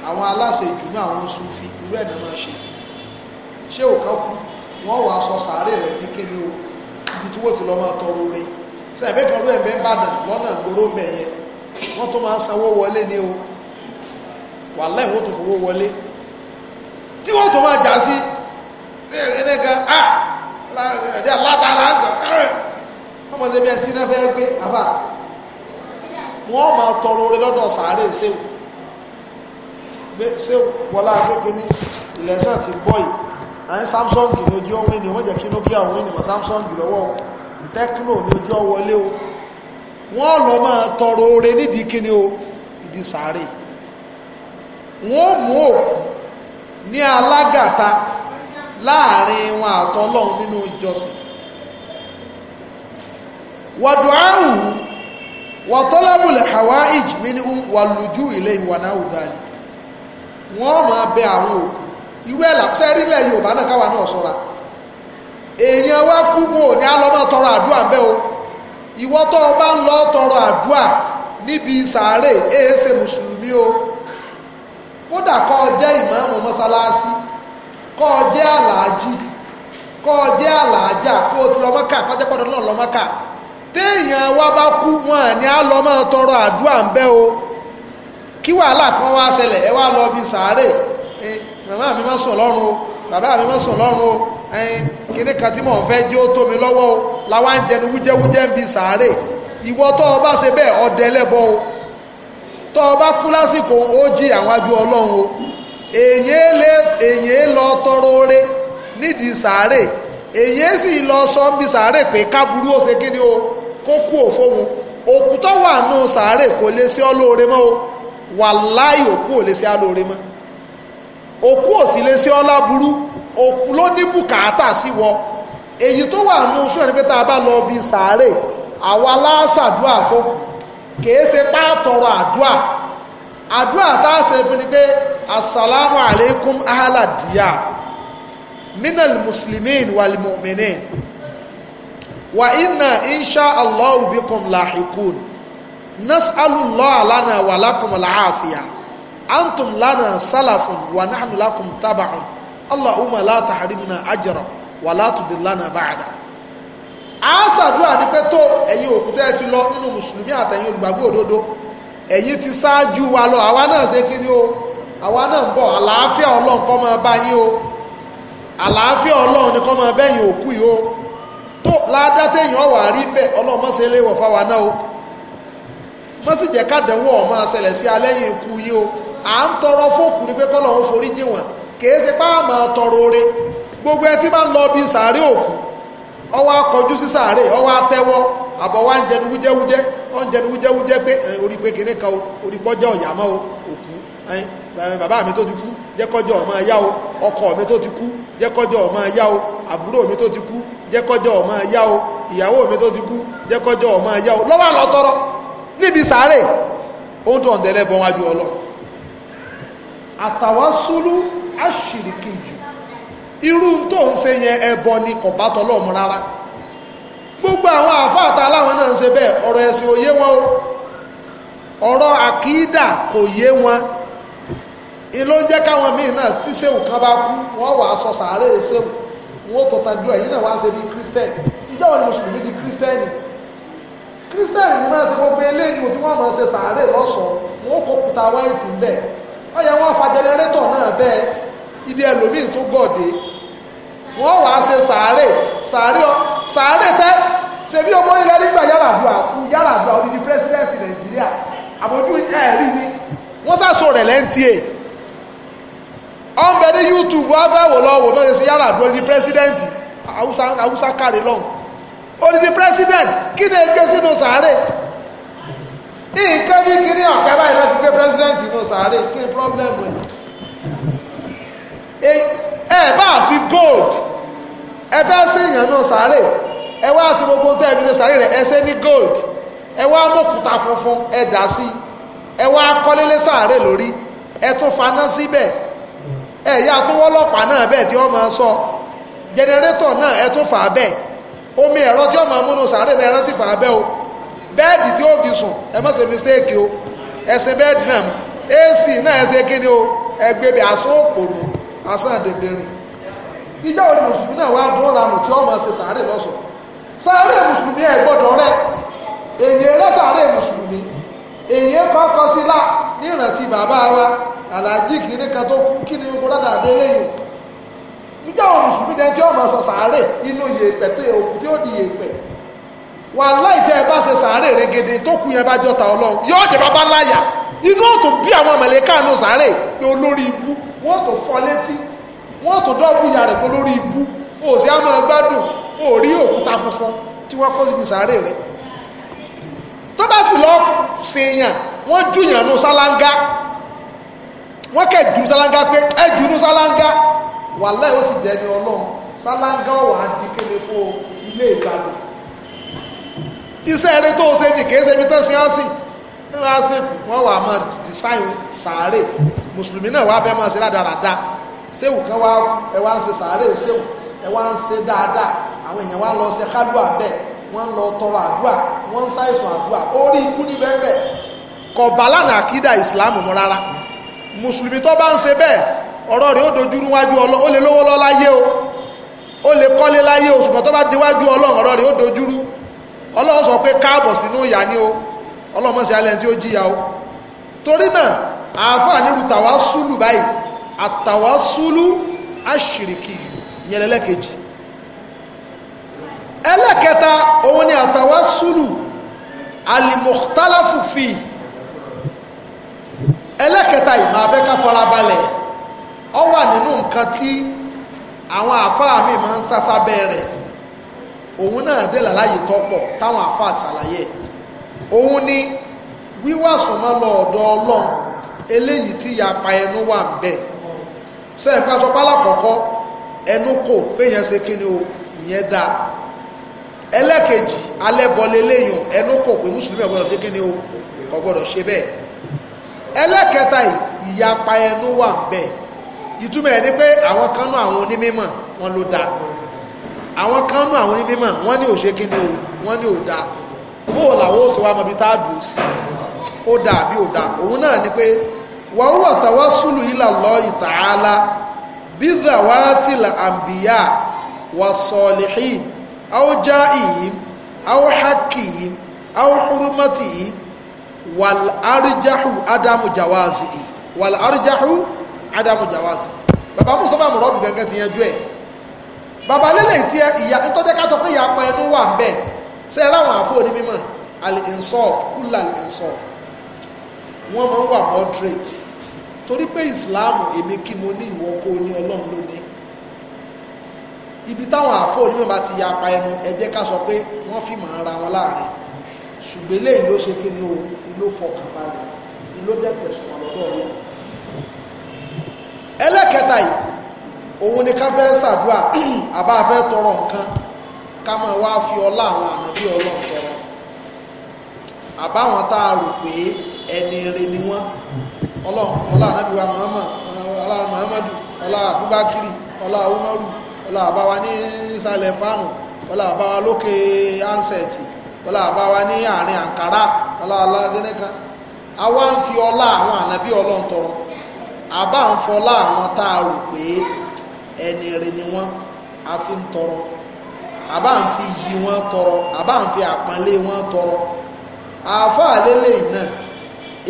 Speaker 1: àwọn aláṣejù ní àwọn sùfì irú ẹ̀ náà ṣe ṣé ò kán kú wọ́n wàá sọ sàárè rẹ̀ ní kéde o ibi tí wọ́n ti lọ́ máa tọrọ oore ṣe ẹ̀bẹ́ kan ló ẹ̀bẹ́ ń bàdàn lọ́nà gbòòrò ń bẹ̀ yẹn wọ́n tó máa ń sanwó wọlé ni o wàhálà ìwọ́n tó fowó wọlé tí wọ́n tó máa jà sí ẹnẹ kan ah, a ẹdí alátara ń kan eh, wọn mọ sẹbi ẹtí náà fẹẹ gbé àfà wọn máa tọrọ orí lọ́dọ̀ sàárè sẹwù gbé sẹwù wọlá akékeré ní ilẹsàn ti bọ yìí àyìn Samsung ní ojú ọwọ́ ènìyàn wọn jẹ kí Nokia ọwọ́ ènìyàn Samsung lọ́wọ́ Tecno ní ojú ọwọlé o wọn lọ máa tọrọ orí nídìí kíni o ìdí sàárè wọn mú òkú ní alágàta láàrin wọn àtọlọ́run nínú ìjọsìn wàdùáhù wàtọ́lábùlẹ̀ hawaij minhum wàlùjú ilé ìwànáhù ile wọ́n máa bẹ àwọn òkú irú ẹ̀ làṣẹ yorùbá náà káwa náà sọ́ra èèyàn wá kú mọ́ ní tọrọ àdúà ń bẹ o ìwọ tó ń lọ tọrọ àdúà níbi o kódà kọ mọ́sálásí Kọọ ọ jẹ́ àlàájì kọ́ lọ bá kú wọn ni á lọ máa tọrọ àdúrà ń bẹ́ o kí wàhálà kan wá ṣẹlẹ̀ ẹ wá lọ bí sàárè màmá mi máa sùn o bàbá mi máa sùn o kíní kan tí mò ń fẹ́ jẹ́ ó tó mi lọ́wọ́ o làwọn jẹnu ń bi sàárè o bá ṣe bẹ́ẹ̀ o tó o bá jí èyí lọ tọrọ nídìí sàárè èyí lọ sọ ń bi sàárè pé káburú ó ṣe kíni o kó kú òfóhun òkú wà nù sàárè kò lè sí ọlóore o wàláì òkú ò lè sí ọlóore mọ́ òkú ò lè sí ọláburú òkú ló ní bùkátà sí wọ èyí tó wà nù sùn ẹni pé tá lọ bi sàárè àwa láṣàdúrà fún kèé àdúrà tá a ṣe fún ni pé asalaamu aleykum ahaladiya minal muslimin wal mu'minin wa inna insha allah bikum lahikun nas'alullah lana wa lakum al'afiya antum lana salafun wa nahnu lakum taba'un allahumma la tahrimna ajra wa la tudillana ba'da a ṣàdúrà ni pé tó ẹ̀yin òkúta ẹ ti lọ nínú mùsùlùmí àtẹ̀yin olùgbàgbọ́ òdodo Eyi ti ṣáájú wa lọ àwa náà ṣe kí ni o àwa náà ń bọ̀ àlàáfíà ọlọ́run máa bá yín o àlàáfíà ọlọ́run ni kó máa bẹ́yìn òkú o tó ládàtẹ̀yìn ọ̀wà rí bẹ́ẹ̀ ọlọ́run má ṣe léwọ̀ fáwa náà o má jẹ́ kádẹ̀wò ọ̀ máa ṣẹlẹ̀ sí o à ń tọrọ fóòkù pé kọ́lọ́run forí wọ́n kìí ṣe lọ bí sàárè òkú ọwọ́ akọjú sí sàárè ọwọ́ atẹ́wọ́ àbọ̀wá ń jẹnu wọ́n jẹnu wújẹ́wújẹ́ pé orí pé kéré kan orí pọ́jọ́ ọ̀yà mọ́ o òkú bàbá mi tó ti kú jẹ́kọ́jọ́ ọmọ ẹ̀yá o ọkọ mi tó ti kú jẹ́kọ́jọ́ ọmọ ẹ̀yá o àbúrò mi tó ti kú jẹ́kọ́jọ́ ọmọ ẹ̀yá o ìyàwó mi tó ti kú jẹ́kọ́jọ́ ọmọ ẹ̀yá o lọ́wọ́ àlọ́ tọrọ níbi sàárè ó ń tọ̀ ǹdẹ́lẹ́bọn wájú ọlọ́ àtàwásúlú àṣìríkì jù irú tó ń ṣe yẹn ẹbọ ni kò bá rárá gbogbo àwọn àfáàtà aláwọn náà ń ṣe bẹ́ẹ̀ ọ̀rọ̀ ẹ̀sìn òye wọn o ọ̀rọ̀ àkídà kò yé wọn ilo ń jẹ́ káwọn míì náà tí sẹ́wù kan bá kú wọ́n wà á sọ sàárè sẹ́wù wọ́n ṣe wọn ni di kírísítẹ́nì kírísítẹ́nì ni máa ṣe gbogbo eléyìí tí wọ́n máa ṣe sàárè lọ́sọ̀ọ́ wọ́n kó kúta wáìtì ńbẹ̀ wọ́n yẹ fa jẹnẹrétọ̀ náà bẹ́ẹ̀ ibi ẹlòmíì tó gọ̀ọ́dẹ́ wọ́n wàá ṣe sàárè sàárè ọ sàárè tẹ́ ṣebí ọmọ ilẹ̀ nígbà Yar'Adua fún Yar'Adua odidi pírẹsidẹ́ǹtì Nàìjíríà àbójú ẹ̀rí ni wọ́n sàṣọ rẹ̀ lẹ́ǹtì ẹ̀ ọ ń bẹ ní YouTube wọ́n fẹ́ wò lọ́wọ́ bí wọ́n ṣe ṣe Yar'Adua odidi pírẹsidẹ́ǹtì Haúsá Haúsá kárí lọ́hùn odidi pírẹsidẹ́ǹtì kí ni ẹgbẹ́ sínú sàárè nǹkan bí kiri ọ̀kẹ́ báyìí láti gbé pírẹsidẹ́ǹtì inú sàárè kí ni pírọ́blẹ́mù ẹ̀ ẹ eh, ẹ eh, bá sí gold ẹ fẹ́ sí èèyàn náà sáré ẹ wá sí gbogbo tẹ́ ẹ ṣe sáré rẹ̀ ẹ ṣe ní gold ẹ wá mọ̀kúta funfun ẹ dà sí ẹ wá kọ́lélé sáré lórí ẹ tún faná síbẹ̀ ẹ yá tó wọ́lọ́pàá náà bẹ́ẹ̀ tí wọ́n máa sọ jẹnẹrétọ̀ náà ẹ tún fà á bẹ́ẹ̀ omi ẹ̀rọ tí wọ́n máa múnú sáré náà ẹ rántí fà á bẹ́ẹ̀ o bẹ́ẹ̀dì tí ó fi sùn ẹ má ṣe mistake o ẹ bẹ́ẹ̀dì náà AC náà o ẹ gbé bẹ́ẹ̀ aṣọ asán dèdè rìn ìjà musulmi náà wàá ra tí wọ́n ma ṣe sàárè lọsọ sàárè mùsùlùmí ẹ gbọdọ rẹ èyí rẹ̀ sàárè mùsùlùmí èyí kọ́kọ́ sí là ní ìrántí bàbá wa aláàjì kìíní kan tó kí sọ inú tó yẹ òkú tí ó di ẹ bá regede tó kù yẹn bá jọta jẹ bàbá láyà inú bí àwọn sàárè olórí wọ́n tó fọ́ létí wọ́n tó dọ́ọ̀bù ìyá rẹ̀ pé lórí ibú o sì á máa gbádùn o rí òkúta funfun tí wọ́n kó síbi sàárè rẹ̀ tó bá sì lọ ṣèyàn wọ́n júyàn nù sálángá wọ́n kẹ̀ jù sálángá pé ẹ jù nù sálángá wàláhì ó sì jẹ́ ni ọlọ́run sálángá ọ̀wà di kéde fún ilé ìtajà iṣẹ́ eré tó ṣe nìkéṣe ibi tán sí á sìn nínú àṣepù wọ́n wà máa design sàárè mùsùlùmí náà wá fẹ́ máa ṣe rádaràda séwù kan wá ẹ wá ń ṣe sàárè séwù ẹ wá ń ṣe dáadáa àwọn èèyàn wá lọ ṣe kádùá bẹ́ẹ̀ wọ́n lọ tọrọ àdúrà wọ́n ń ṣàìsàn àdúrà orí ikú ní bẹ́ẹ̀ bẹ́ẹ̀ kọ̀ọ̀bá lánàá àkídà ìsìlámù mọ́ rárá mùsùlùmí tó bá ń ṣe bẹ́ẹ̀ ọ̀rọ̀ rẹ̀ ó dojúrú wájú ọlọ́ ó lè lówó lọ láyé o ó lè o ṣùgbọ́n tó bá di wájú ọlọ́run ọ̀rọ̀ rẹ̀ ọlọ́mọ̀sí alẹ́ tí ó jíyà ó torí náà àáfà nílùú tàwásúlù báyìí àtàwásúlù àṣìríkì yẹn lẹ́lẹ́kejì ẹlẹ́kẹta òun ni àtàwásúlù alimọ̀tálàfù fi ẹlẹ́kẹta yìí máa fẹ́ ká farabalẹ̀ ọ wà nínú nǹkan tí àwọn àáfàá mi máa ń sásábẹ́ rẹ̀ òun náà dé làlàyé tọ́pọ̀ táwọn àáfàá àtàlàyé ẹ̀ òun ni wíwà súnmọ́ lọ ọ̀dọ̀ ọlọ́run eléyìí tí yapa ẹnu wà ń bẹ̀ sẹ́yìnpá sọ pálá kọ̀ọ̀kọ́ ẹnu kò péyàn ṣe kí ni o ìyẹn dáa ẹlẹ́kejì alẹ́bọ̀lẹ̀ léyìn ẹnu kò pé mùsùlùmí ọ̀gbọ́dọ̀ ṣe kí ni o kò gbọ́dọ̀ ṣe bẹ́ẹ̀ ẹlẹ́kẹta ìyapa ẹnu wà ń bẹ̀ ìtumọ̀ ẹ̀ ni pé àwọn kan náà àwọn onímọ̀ wọn ló dáa àwọn kan náà àwọn onímọ̀ wọn ní ó ṣe kí ni o wọn ní ó dáa bóò làwọn oṣù wa mọ̀ bí tá a dùn sí ó dà bí ó dà òun náà ni pé wọ́n wọ̀ tàwa sùlù ilà Allahi ta'ala bí dàwátì là àǹbíyà wà sọ̀lìhìn àwọn já ìyìn àwọn hákì yìí àwọn hurumati yìí wal arjahu adamu jawazi yìí wal arjahu adamu jawazi bàbá mùsùlùmá mùrọ̀dù gẹ́gẹ́ ti yẹn jù ẹ̀ bàbá lélẹ̀ tí ìyá tó ká tó pé ìyá pa ẹnu wà ń bẹ́ẹ̀ ṣe é láwọn àfọ onímọ̀ al-insaf kúlà al-insaf wọ́n máa ń wà moderate torí pé islam èmi kí mo ní ìwọ kó ní ọlọ́run lónìí ibi táwọn àfọ onímọ̀ bá ti ya apá ẹnu ẹ jẹ́ ká sọ pé wọ́n fi mọ̀ ara wọn láàrin ṣùgbọ́n eléyìí ló ṣe kíni o ìlú fọkànbalẹ̀ ìlú dẹ̀tẹ̀ sùn ọ̀lọ́dọ̀ ọ̀lọ́ ẹlẹ́kẹta yìí òun ni ká fẹ́ ṣàdúrà àbá fẹ́ tọrọ nǹkan ká máa wá fi ọlá àwọn ànábì ọlọ́run tọrọ àbáwọn tá a rò pé ẹni rẹ ni wọ́n ọlọ́run ọlá ànábì wa Muhammad ọlá Muhammadu ọlá Abubakiri ọlá Umaru ọlá àbáwa ní ìsàlẹ̀ fáànù ọlá àbáwa lókè ansẹ̀tì ọlá àbáwa ní àárín àǹkárá ọlá alágẹ́nẹ́ka àwa ń fi ọlá àwọn ànábì ọlọ́run tọrọ àbá ń fọlá àwọn tá a rò pé ẹni rẹ ni wọ́n a fi ń tọrọ àbá ń fi iyì wọn tọrọ àbá ń fi àpọ́nlé wọn tọrọ àáfàá lélẹ́yìn náà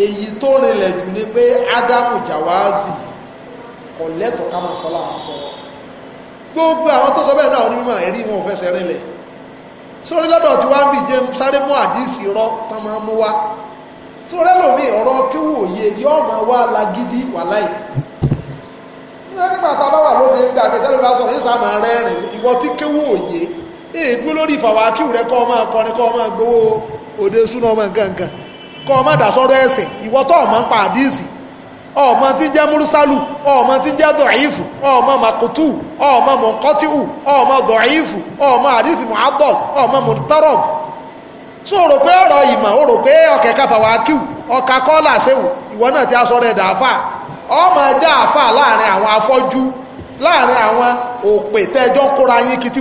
Speaker 1: èyí tó rinlẹ̀ jù ni pé ádámù jàwáàzì kò lẹ́tọ̀ọ́ ká máa fọlá àwọn tọrọ gbogbo àwọn tó sọ bẹ́ẹ̀ náà onímọ̀ ẹ̀rí wọn ò fẹsẹ̀ rinlẹ̀ sórí lọ́dọ̀ tí wọ́n ń bì jẹ́ sáré mú àdìsí rọ́ tán máa mú wá sórí lómi ọ̀rọ̀ kíwò òye yóò máa wá lágídí wàláì nígbà tí bàtà bá wà lóde ń gbà pé tẹ́lẹ̀ bá sọ̀rọ̀ yóò sá máa rẹ́rìn ìwọ tí kíwò òye ee eh, lórí ìfàwákìw rẹ kọ́ ọmọ akọrin kọ́ ọmọ gbowó òde súná ọmọ nǹkankan kọ́ ọmọ dàsọ́rọ́ ẹ̀sìn ìwọ tó ọmọ ń pa àdíìsì ọmọ tí jẹ́ múrísálù ọmọ tí jẹ́ dọ̀ífù ọmọ makutu ọmọ ma ọmọ dọ̀ífù ọmọ àdíìsì mu'addal ọmọ o rò pé ọ̀rọ̀ ìmọ̀ o rò pé ọ̀kẹ́ káfàwákìw ọ̀ka kọ́là sẹ́wù ìwọ náà ti asọ́rọ̀ ọmọ ẹja àfà láàrin àwọn afọ́jú láàrin àwọn òpè tẹ́jọ́ kóra yín kí tí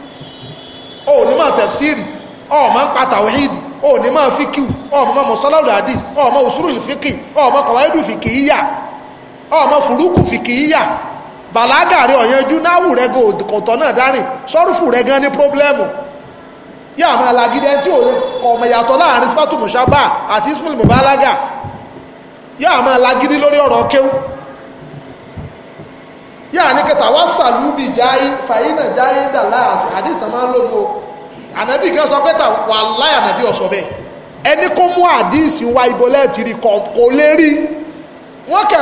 Speaker 1: o ò ní máa tẹ̀síìrì o ò máa ń pa tàwíìdì o ò ní máa fíkìw o ò máa mọ̀sálàwùdà àdì o ò máa òṣùrùlù fíkì o ò máa kọ̀wáìdù fìkì yíyà o ò máa fùrúkù fìkì yíyà bàlágà rẹ ọ̀yanjú náwù rẹ gan òkòtọ̀ náà dárìn sọ́rùfù rẹ gan ní pírọ́blẹ́mù yà á máa lagídẹ́ tí ò lè kọ yàtọ̀ láàrin sípàtù mùsábà àti ismail mubalaga yà á máa lórí ọ̀rọ̀ kéwù yáà ní kẹta wá sàlúbì jáì fàyínà jáì dà láàsì àdìsítà máa ń lò ní o ànábì kan sọ pé wà láyà ànábì ọ̀sọ́ bẹ́ẹ̀ ẹni kó mú àdìsí wa ibo lẹ́ẹ̀tì rí kò lè rí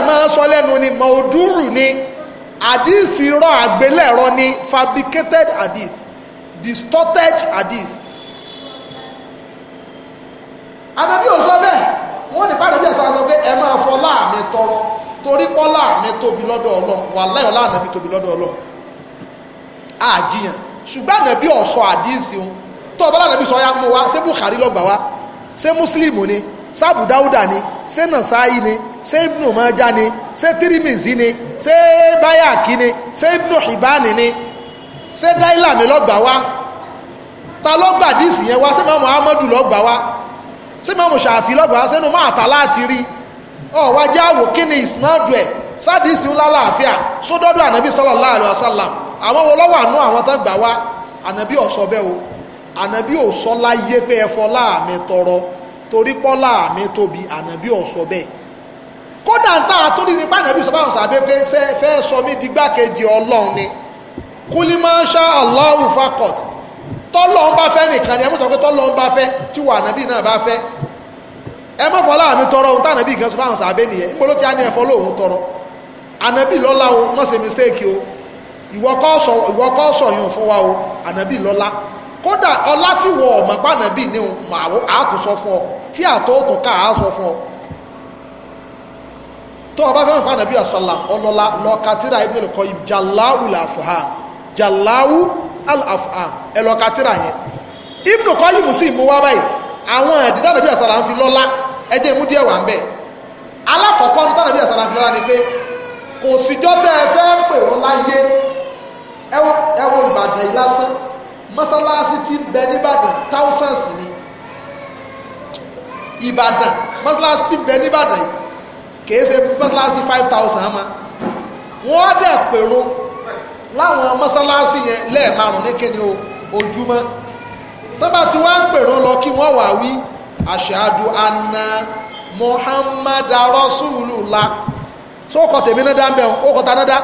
Speaker 1: máa sọ lẹ́nu ni mọ̀ọ́dúrù ni àdìsí rọ àgbélẹ̀rọ ni fabricated hadith distorted hadith ànábì ọ̀sọ́ bẹ́ẹ̀ wọ́n ní pàdé bí ẹ̀sán sọ pé ẹ máa fọlá mi tọrọ torí pọ́lá mi tóbi lọ́dọ̀ ọlọ́run wàláhì ọlá ànábì tóbi lọ́dọ̀ ọlọ́run àjiyàn ṣùgbọ́n ànábì ọ̀sọ́ àdínsì òun tó ọba lànàbì sọ ya mú wa ṣé Bukhari lọ́gbà wa ṣé Muslim ni sábù dáúdà ni ṣé Nasa'i ni ṣé Ibn Majah ni ṣé Tirimizi ni ṣé Bayaki ni ṣé Ibn Hibani ni ṣé dáìlà mi lọ́gbà wa ta lọ́gbà àdínsì yẹn wa ṣé mọ́mọ́ Ahmadu lọ́gbà wa ṣé mọ́mọ́ Ṣàfi lọ́gbà wa ṣé ọ̀wá jáwò kí ni ìsìnàdù ẹ̀ sádìsì ńlá láàfíà sódọ́dọ̀ ànábì sallallahu alaihi wasallam àwọn wo lọ́wọ́ àánú àwọn tó gbà wá ànábì ò sọ bẹ́ẹ̀ o ànábì ò sọ láyé pé ẹ fọ láàmì tọrọ torí pọ́ láàmì tóbi ànábì ò sọ bẹ́ẹ̀ kódà ń tà àtúndì nípa ànábì sọ báwọn sàbẹ pé fẹ́ sọ mí digbákejì ọlọ́run ni kúlímọ́ṣá Allahu fakọ̀t tọ́lọ́run bá fẹ́ nìkan ni ẹ mọ̀ sọ pé tọ́lọ́run bá fẹ́ tí wà ànábì náà bá fẹ́ ẹ má fọlá tọrọ ohun tànàbí kan sọ fáwọn sàbẹ nìyẹn níbo ti ohun tọrọ ànàbí lọ́lá o má mistake o ìwọ kọ́ sọ yàn fún wa o ànàbí lọ́lá kódà ọlá tí wọ ọmọ ni àtún sọ fún ọ tí àtọ́tò ká á sọ fún ọ tó o bá fẹ́ràn pànàbí àsàlà ọlọ́lá lọ́ka jàláwù ẹ lọ́ka àwọn ń ẹ jẹ́ ìmú díẹ̀ wà ń bẹ̀ alákọ̀ọ́kọ́ ní tàbí àṣàrà fi lọ́la ni pé kò síjọ́ tẹ́ ẹ fẹ́ pè wọ́n láyé ẹ wo ìbàdàn yìí lásán mọ́sálásí ti ń bẹ nìbàdàn thousands ni ìbàdàn mọ́sálásí ti ń bẹ nìbàdàn yìí kìí ṣe mọ́sálásí five thousand ama wọ́n á dẹ̀ pèrò láwọn mọ́sálásí yẹn lẹ́ẹ̀márùn ní kíni o ojúmọ́ tó bá ti wá ń pèrò lọ kí wọ́n wà wí ashhadu anna muhammad rasulullah So kọ tèmi náà dá ń bẹ̀ wọn ó kọ ta náà dá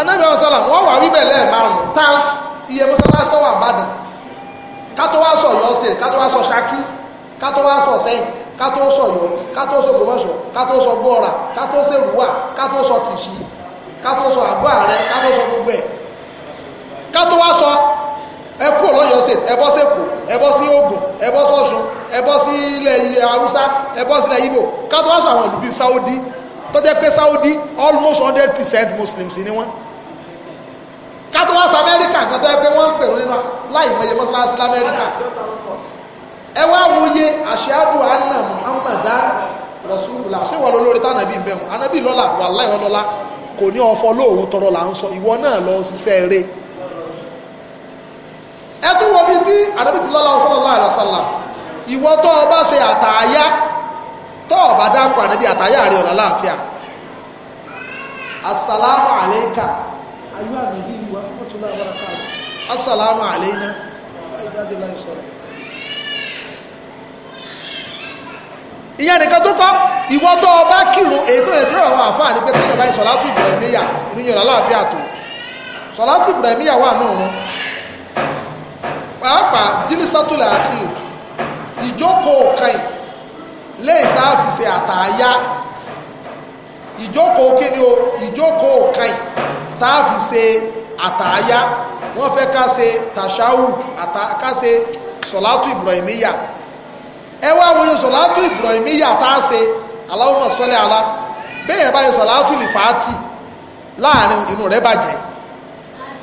Speaker 1: anábì àwọn sálà wọn wà wíbẹ̀ lẹ́ẹ̀márùn tans iye mọ́sálásí tó wà ń bàdàn kátó wá sọ Ọ̀yọ́ state kátó wá sọ Ṣakí kátó wá sọ Ṣẹ̀yìn kátó sọ Ọ̀yọ́ kátó sọ Ògbómọ̀ṣọ́ kátó sọ gbọọra kátó sọ Èrúwà kátó sọ Kìṣí kátó sọ àgọ́ ààrẹ kátó sọ gbogbo ẹ̀ kátó wá sọ ẹ kú ọlọ́yọ̀ ṣe ẹ bọ́ sẹ́kù ẹ bọ́ sí Ògùn ẹ bọ́ sọ́ṣun ẹ bọ́ sí ilẹ̀ Haúsá ẹ bọ́ sílẹ̀ Ìgbò kátó wá sọ àwọn ìlú bíi Saudi tó jẹ́ pé Saudi almost hundred percent Muslims ni wọ́n kátó wá sọ Amẹ́ríkà kan tó jẹ́ pé wọ́n ń pèrò nínú láì mọye mọ́sálásí lamẹ́ríkà ẹ wá wòye àṣeádùn anna Muhammadu rasulullah síwọ lólórí tánàbí bẹ́ẹ̀ wọn anábì lọ́la wàláì ọlọ́lá kò ní ọfọ ibi tí ànábì ti lọ́la sallallahu alaihi wasallam ìwọ tó o bá ṣe àtàyà tó o bá dákun ànábì àtàyà rẹ ọ̀nà láàfíà asalaamu aleyka ayu anabi wa rahmatulah barakatu asalaamu aleyna ibadillah sọ̀rọ̀. ìyẹn nìkan tó kọ ìwọ tó o bá kírun èyí tó lè dúró àwọn àfáàní pé tó yẹ báyìí sọlátù pàápàá jílísàtúlẹ̀ àfi ìjókòó kan lẹ́yìn tá a fi ṣe àtàyà ìjókòó kíni o ìjókòó kan tá a fi ṣe àtàyà wọ́n fẹ́ ká ṣe tashahud ká ṣe sọ̀látù ibrahimiya ẹ wá wọ́n sọ̀látù ibrahimiya tá a ṣe Allahumma salli ala bẹ́ẹ̀ báyìí sọ̀látù lìfàátì láàrin inú rẹ̀ bàjẹ́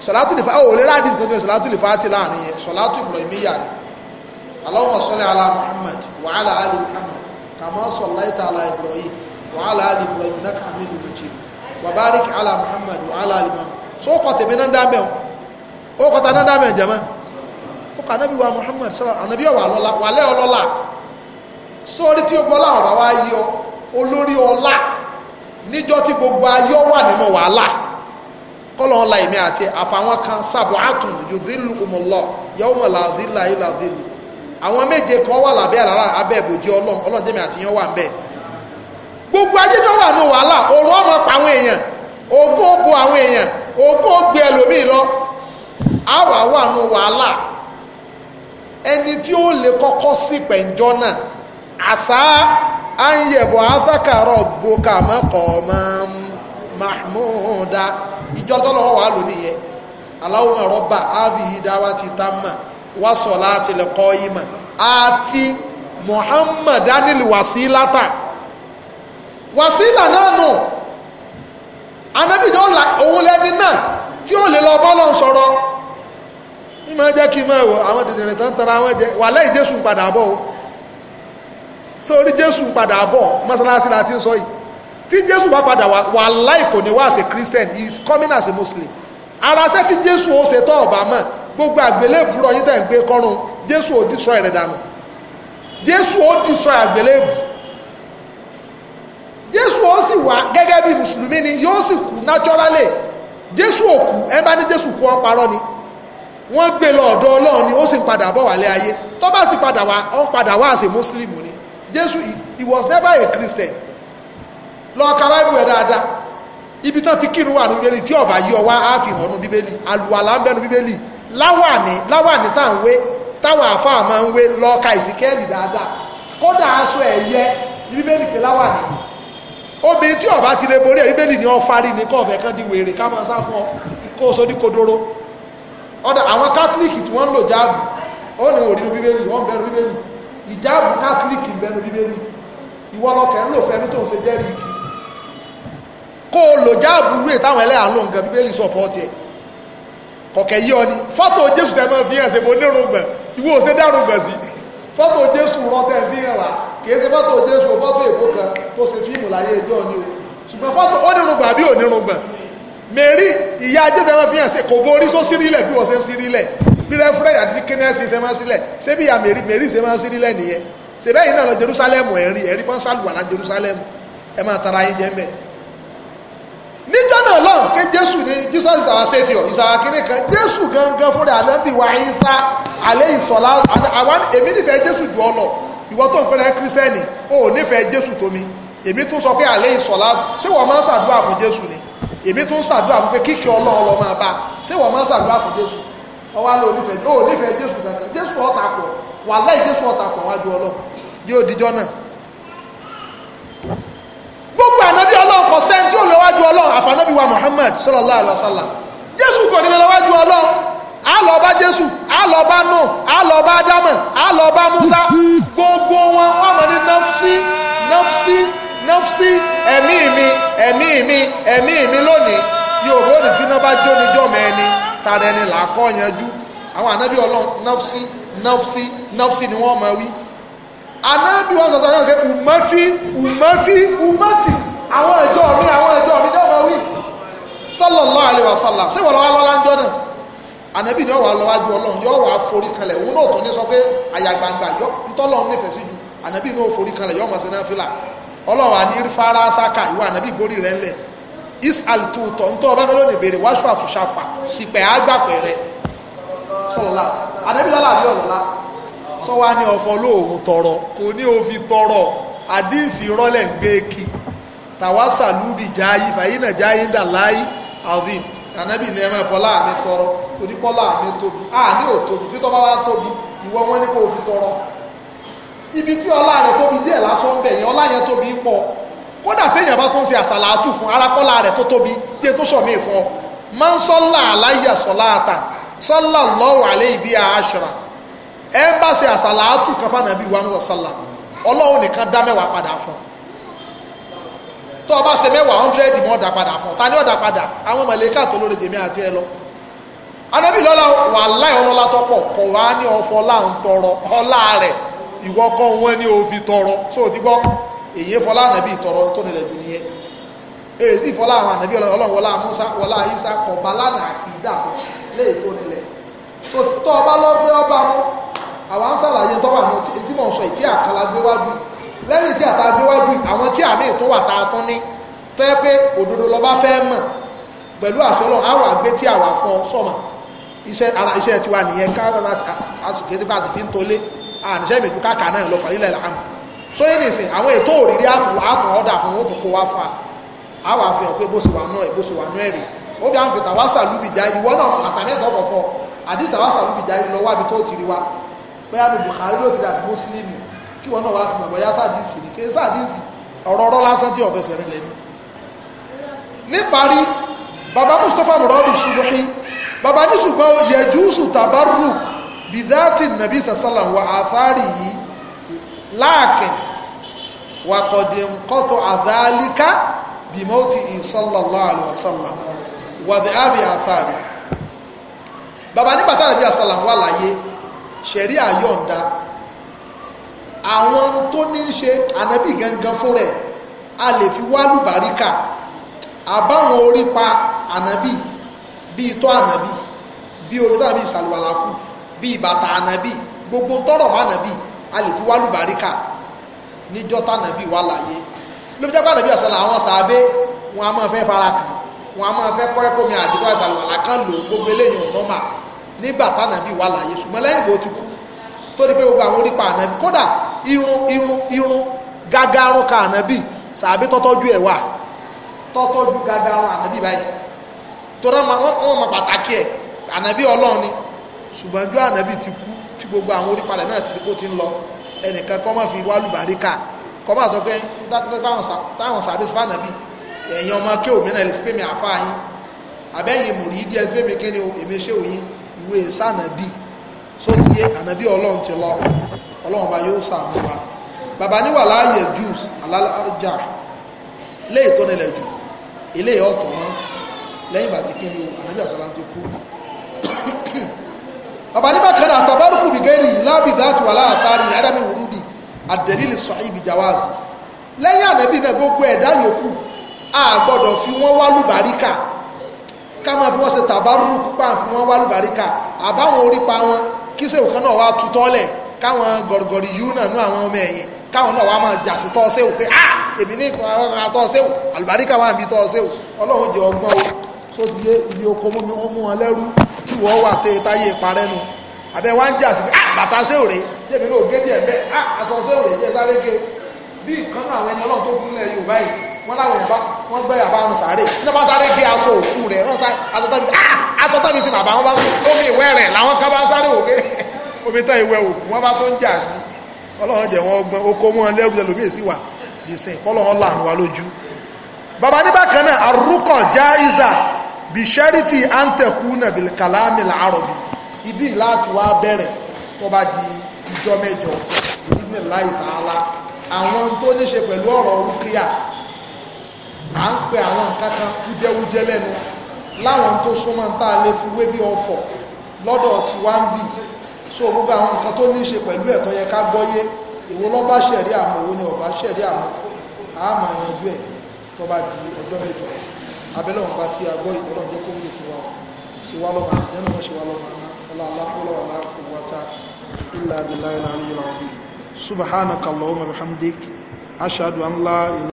Speaker 1: sọ̀látù lè fa ó lè rádìsì tó tó sọ̀látù lè fa ti láàrin yẹn sọ̀látù Ibrahimiyya ni Allahumma salli ala Muhammad wa ala ali Muhammad kama sallaita ala Ibrahim wa ala ali Ibrahim innaka hamidun majid wa barik ala Muhammad wa ala ali Muhammad so kọ tèmi náà dá mẹ́wọ̀n ó kọta náà dá mẹ́wọ̀n jẹ́mọ́ ó kọ anábì wa Muhammad sọ̀rọ̀ anábì ọ̀wà lọ́la wà ọlọ́la sórí tí ó gbọ́ láwọn kọlọ ọla èmi àti àfàwọn kan sàbọ̀àtún yòdìlù kùmọ̀lọ́ yàwó mọ̀ làdìlà yìí làdìlù àwọn méje kan wà lábẹ́ alara abẹ́ ìbòjì ọlọ́run ọlọ́run àti yan wà gbogbo ayé tó wà ní wàhálà òòrùn ọmọ pa àwọn èèyàn ogún ogun àwọn èèyàn ẹlòmíì lọ àwà wà ní wàhálà ẹni tí ó lè kọ́kọ́ sí pẹ̀njọ́ náà àṣà à ń yẹ̀bọ̀ àṣàkàrọ̀ mahmuda ìjọ tọ́lọ́wọ́ wà lónìí yẹn Allahumma rabba hadhihi da'wati tamma wa salati l-qa'ima àti muhammadanil wasilata wàsílà náà nù anábìjọ́ òun lẹ́ni náà tí ó lè lọ bọ́lọ̀ sọ̀rọ̀ ní máa jẹ́ kí máa wọ àwọn dìdìrìn tán tara àwọn ẹ̀jẹ̀ wà lẹ́yìn jésù padà bọ̀ o sórí jésù padà bọ̀ mọ́sálásí la ti sọ yìí tí jésù bá padà wá wàláì kò ní wá as a christian he is coming as a muslim ara ṣẹ́ tí jésù ó ṣe tọ́ ọ̀bà mọ̀ gbogbo àgbélébùrọ̀ yín tẹ̀ ń gbé kọ́run jésù ó destroy rẹ̀ dànù jésù ó destroy àgbélébù jésù ó sì wá gẹ́gẹ́ bí mùsùlùmí ni yóò sì kú naturally jésù ò kú ẹ bá ní jésù kú ọ́n parọ́ ni wọ́n gbé lọ ọ̀dọ̀ ọlọ́run ni ó sì ń padà bọ̀ wálé ayé tó bá sì padà wá ọ́n padà wá as a muslim ni jésù he was never a christian lọ́ọ̀ka báìbù ẹ̀ dáadáa ibi tán ti kírun wà ní bíbélì tí ọ̀bà yí ọ wá á fi hàn ní bíbélì àlùwàlà ń bẹ́nu bíbélì láwàní láwàní tá à ń wé táwọn àáfàá máa ń wé lọ́ọ̀ka ìsìkẹ́ẹ̀lì dáadáa kódà aṣọ ẹ̀yẹ ní bíbélì pé láwàní obìnrin tí ọba ti lè borí ẹ̀ bíbélì ni ọ farí ni kọ́ọ̀fẹ́ kan di wèrè ká máa sá kó o so ní kodoro ọ̀dà àwọn kátólíìkì tí wọ́n ń lò jáàbù ó ní òrìnú bíbélì wọ́n ń bẹ̀rù bíbélì ìjáàbù kátólíìkì ń bẹ̀rù bíbélì ìwọ́lọ́kẹ̀ ń lò fẹ́nu tó ń ṣe jẹ́rìí kì kó o lò jáàbù rúwé táwọn ẹlẹ́yà ń lò nǹkan bíbélì sọ̀pọ̀tì ẹ̀ kọ̀kẹ́ yí ọ ni fọ́tò jésù tẹ́ máa fi hàn ṣe mo nírun gbẹ̀ ìwọ òsè dárun gbẹ̀ sí fọ́tò jésù rọ́tẹ́ fi hàn wá kìí ṣe fọ́tò jésù fọ́tò èkó kan tó ṣe fíìmù láyé ìjọ ni o ṣùgbọ́n fọ́tò ó nírun gbẹ̀ àbí ò nírun gbẹ̀ mẹ́rí ìyá jésù tẹ́ máa fi hàn ṣe kò borí só sírílẹ̀ bí wọ́n ṣe ń sírílẹ̀ rírẹ́ fúrẹ́dì àti kínẹ́sì ṣe máa ń sílẹ̀ ṣé bí ìyá mẹ́rí mẹ́rí ṣe máa ń sírílẹ̀ nìyẹn ṣe bẹ́ẹ̀ yìí náà lọ Jerusalem ẹ̀rí níjọ́ náà lọ́n ké jésù ní jesus is our saviour ìsàwà kìíní kan jésù gangan fúnra ànábì wa ìsá alẹ́ ìsọ̀lá àwọn èmi nífẹ̀ẹ́ jésù jù ọ lọ ìwọ tó ń pẹ́rẹ́ kírísítẹ́nì o ò nífẹ̀ẹ́ jésù tó mi èmi tún sọ pé alẹ́ ìsọ̀lá ṣé wọ́n máa ń ṣàdúrà fún jésù ni èmi tún ṣàdúrà fún pé kíkì ọlọ́run lọ máa bá ṣé wọ́n máa ń ṣàdúrà fún jésù ọwá ló nífẹ̀ẹ́ o ò nífẹ̀ẹ́ jésù kankan jésù ọ̀tà pọ̀ gbogbo ànábì ọlọ́run kò sẹ́ni tí ò lọ́wájú ọlọ́run àfànábì wa Muhammad sallallahu alaihi wasallam jésù kò ní lọ́wájú ọlọ́run a lọ bá jésù a lọ bá nù a lọ bá dámọ̀ a lọ bá musa gbogbo wọn wọn mọ̀ ní nafsi nafsi nafsi ẹ̀mí mi ẹ̀mí mi ẹ̀mí mi lónìí yorùbá òní tí náà bá jó ni jọ́mọ ẹni tààrẹ ni làákọ́ yanjú àwọn ànábì ọlọ́run nafsi nafsi nafsi ni wọ́n máa wí anábì wọn sọ̀tọ̀ náà pé ùmọ́tí ùmọ́tí ùmọ́tí àwọn ìjọ mi àwọn ìjọ mi jọ́ máa wí sallallahu alaihi wasallam ṣé wọ́n lọ wá lọ́lá ń jọ náà anábì ni ó wà lọ́wájú ọlọ́run yóò wà forí kalẹ̀ òun náà tún ní sọ pé àyà gbangba ntọ́lọ́run nífẹ̀ẹ́ sí ju anábì náà forí kalẹ̀ yóò mọ̀ sí náà fìlà ọlọ́run àní fara sáka ìwà anábì gbórí rẹ̀ ńlẹ̀ is altuutọ̀ ntọ́ ọba fẹ́ lónìí béèrè wáṣọ àtúnṣàfà sípẹ̀ àgbàpẹ̀ rẹ̀ sọlọ́lá anábì lọ́lá àbí ọ̀lọ́lá sọ wá ní ọ̀fọ̀ lóòrùn tọrọ kò ní òfin tọrọ àdíìsì rọlẹ̀ ń gbé kí tàwásà lúbi jáyí fàyínà jáyí ń dà láyí alvin ànábì ní ẹmọ ẹ̀fọ́ láàmì tọrọ torípọ́ láàmì tóbi àní ò tóbi títọ́ bá wá tóbi ìwọ wọn ní kó òfin tọrọ ibi tí ọlá rẹ̀ tóbi díẹ̀ lásán bẹ̀ yẹn ọlá yẹn tóbi pọ̀ kódà téèyàn bá tún ṣe àṣàlàátù fún arápọ́lá rẹ̀ tó tóbi díẹ̀ tó sọ̀mí fún ọ máa ń sọ́lá aláyà sọ́lá àtà sọ́lá lọ́wọ́ àlẹ́ ìbí àṣàrà ẹ ń bá kan fáwọn ẹbí wa ní ọ̀sálà ọlọ́run nìkan dá mẹ́wàá padà fún tó o bá ṣe mẹ́wàá hundred mọ́ ọ̀dà padà fún ta ni ọ̀dà padà àwọn mọ̀lẹ́kà tó lórí dèmí àti ẹ lọ anábì lọ́la wà láì ọlọ́lá tọ́pọ̀ kọ̀ wá ní ọ̀fọ̀ láǹ tọrọ ọlá rẹ̀ ìwọ kọ́ wọn ní òfin tọrọ tó ti gbọ́ èyí fọlá tọrọ tó nílẹ̀ dùn nìyẹn èyí sì fọlá àwọn ọlọ́run wọlá musa wọlá isa tó ọba ọba àwa ń ṣàlàyé tó wà tí mò ń sọ ìtí àkàlà gbé wájú lẹ́yìn tí àtà gbé wájú àwọn tí àmì tó wà tá a tán ní tó yẹ pé òdodo lọ́ba fẹ́ mọ̀ pẹ̀lú àṣọlọ àwọn àgbé tí àwà fún ọ sọ̀mọ̀ iṣẹ́ ara iṣẹ́ tiwa nìyẹn kára àsìkè tí bá a sì fi ń tolé àníṣẹ́ ìmẹ̀jú káàkà náà lọ fàlílẹ̀ làánù so yìí nìsín àwọn ètò òrìrí àtún ọ̀dà fún wọn tó kó wá fa àwọn àfihàn pé bó ṣe wà náà bó ṣe wà náà rè ó fi àwọn pètà wá sàlúbìjà ìwọ náà àṣà mẹ́tọ́ ọ̀pọ̀ fọ àdìsà wá sàlúbìjà ìlọ wábi tó ti rí wa bóyá ní Bukhari ló ti dàbí mùsùlùmí kí wọn náà wá fi mọ̀ bóyá sàdíìsì ni kí sàdíìsì ọ̀rọ̀ ọ̀rọ̀ lásán tí ọ̀fẹ́ sẹ̀rẹ̀ lẹ́ni níparí baba Mustapha muradu subuhi baba ní ṣùgbọ́n yẹjúùsù tabarruk bidhati nabi sallam wa athari yìí láàkìn wàkọ̀dín kọ́tọ̀ àdáálíká bí mọ́tí sallallahu alaihi wasallam baba ní bàtà nàbí àsàlàm wà láyé ṣẹ̀rí àyọ̀ǹda àwọn tó ní í ṣe ànábì gangan fún rẹ̀ a lè fi wá lùbáríkà àbáwọn orí pa ànábì bí itọ́ ànábì bí orí tó ànábì ìsàlùwàlàkù bí ìbàtà ànábì gbogbo tọrọ mọ ànábì a lè fi wá lùbáríkà níjọ́ tànábì wà láyé ló fi jẹ́ pé ànábì ọ̀sán làwọn sàábé wọn a máa fẹ́ fara kàn wọn a máa fẹ́ kọ́ ẹ̀kọ́ mi àdìgbò àìsàlùwàlà lò gbogbo eléyìí ọ̀nọ́mà nígbà tánàbí wà láàyè ṣùgbọ́n lẹ́yìn bó ti kú torí pé gbogbo àwọn orípa ànábì kódà irun irun irun gágárún ka ànábì sàbí tọ́tọ́jú ẹ̀ wà tọ́tọ́jú gágárún ànábì báyìí torí wọn mọ pàtàkì ẹ̀ ànábì ọlọ́run ni ṣùgbọ́n ju ànábì ti kú tí gbogbo àwọn orípa rẹ̀ náà ti kó ti ń lọ ẹnìkan kọ́ mọ́ fi wá lùbáríkà kọ́ bá sọ pé táwọn sàbí sọ fànàbì ẹ̀yin ọmọ kí òmìnira ẹ̀ lè sí pé mi àfa yín àbẹ́yìn mòrí wé sànàbí sótìyé ànàbí ọlọ́run ti lọ ọlọ́run bá yóò sàánú wa bàbá níwà láàyè jews alálàájà léè tó nílẹ̀ jù eléyìí ọ̀tọ̀ wọn lẹ́yìn ìgbà tí kíni o ànàbí àsàlá ti kú bàbá níbà kan náà àtàbárùkù bìgẹ́rì lábì dáàtì wà láàfáàrí ní ádámì wùrúdì àdẹ̀lílì sọ̀hìn ìbìjàwáàzì lẹ́yìn ànàbí náà gbogbo ẹ̀dá yòókù a fi wọ́n wá lùbáríkà ká máa fi wọ́n ṣe tàbárù púpà fún wọn wá lùbáríkà àbáwọn orípa wọn kí sèwò kan náà wá tutọ́lẹ̀ káwọn gọ̀rọ̀gọ̀rọ̀ yìí náà nú àwọn ọmọ ẹ̀yìn káwọn náà wá máa jà sí tọ́ sẹ́wò pé ah èmi ní ìfọwọ́ra tọ́ sẹ́wò àlùbáríkà wà níbi tọ́ sẹ́wò ọlọ́run jẹ ọgbọ́n o só ti yé ibi oko mú mi wọ́n mú wọn lẹ́rú tí wọ́n wà tẹ́ táyé parẹ́ nu àbẹ́ wá ń jà sí pé ah bàtà sẹ́wò rè jẹ́mi náà gé díẹ̀ bẹ́ẹ̀ ah aṣọ sẹ́wò rè jẹ́ sáré ge bí ìkan náà àwọn ẹni ọlọ́run tó kún lẹ̀ Yorùbá wọ́n láwọn yàrá wọ́n gbẹ́ yàrá wọn sáré iná bá sáré gé aṣọ òkú rẹ̀ wọ́n sáré aṣọ tábí sí ah aṣọ tábí sí bàbá wọn bá omi ìwẹ́ rẹ̀ làwọn kan bá sáré òkè omi tán ìwẹ́ òkú wọ́n bá tó ń jà sí ọlọ́run jẹ́ wọn gbọ́n oko wọn lẹ́rù lẹ́lòmíì sí wà dìsẹ̀ kọ́lọ́run láàánú wa lójú. bàbá nígbà kan náà arúkọ já ìzà bìṣẹ́rìtì àǹtẹ̀kùnà bìkàlámì làárọ̀bì ibi láti wá bẹ̀rẹ̀ tó bá di ìjọ mẹ́jọ nígbà láì tààlà àwọn tó ní ṣe pẹ̀lú ọ̀rọ̀ rúkìá à ń pe àwọn nǹkan kan wújẹ́wújẹ́ lẹ́nu láwọn tó súnmọ́ tá a lè fi wé bí ọ̀fọ̀ lọ́dọ̀ tí wá ń bì so gbogbo àwọn nǹkan tó ní í ṣe pẹ̀lú ẹ̀tọ́ yẹ ká gbọ́yé èwo ló bá ṣẹ̀rí àmọ́ ni ó bá ṣẹ̀rí àmọ́ a máa yanjú ẹ̀ tó bá di ọjọ́ mẹ́jọ abẹ́lẹ̀ wọn bá ti àgbọ́ ìtọ́lọ́ jẹ́ kó wúlò fún wa sí wa lọ́mọ àdìjẹ́nu wọn ṣe wa lọ́mọ àná ọlá alákòólọ́ wà láàkó wata ilà abiláyé láàrin yìí làwọn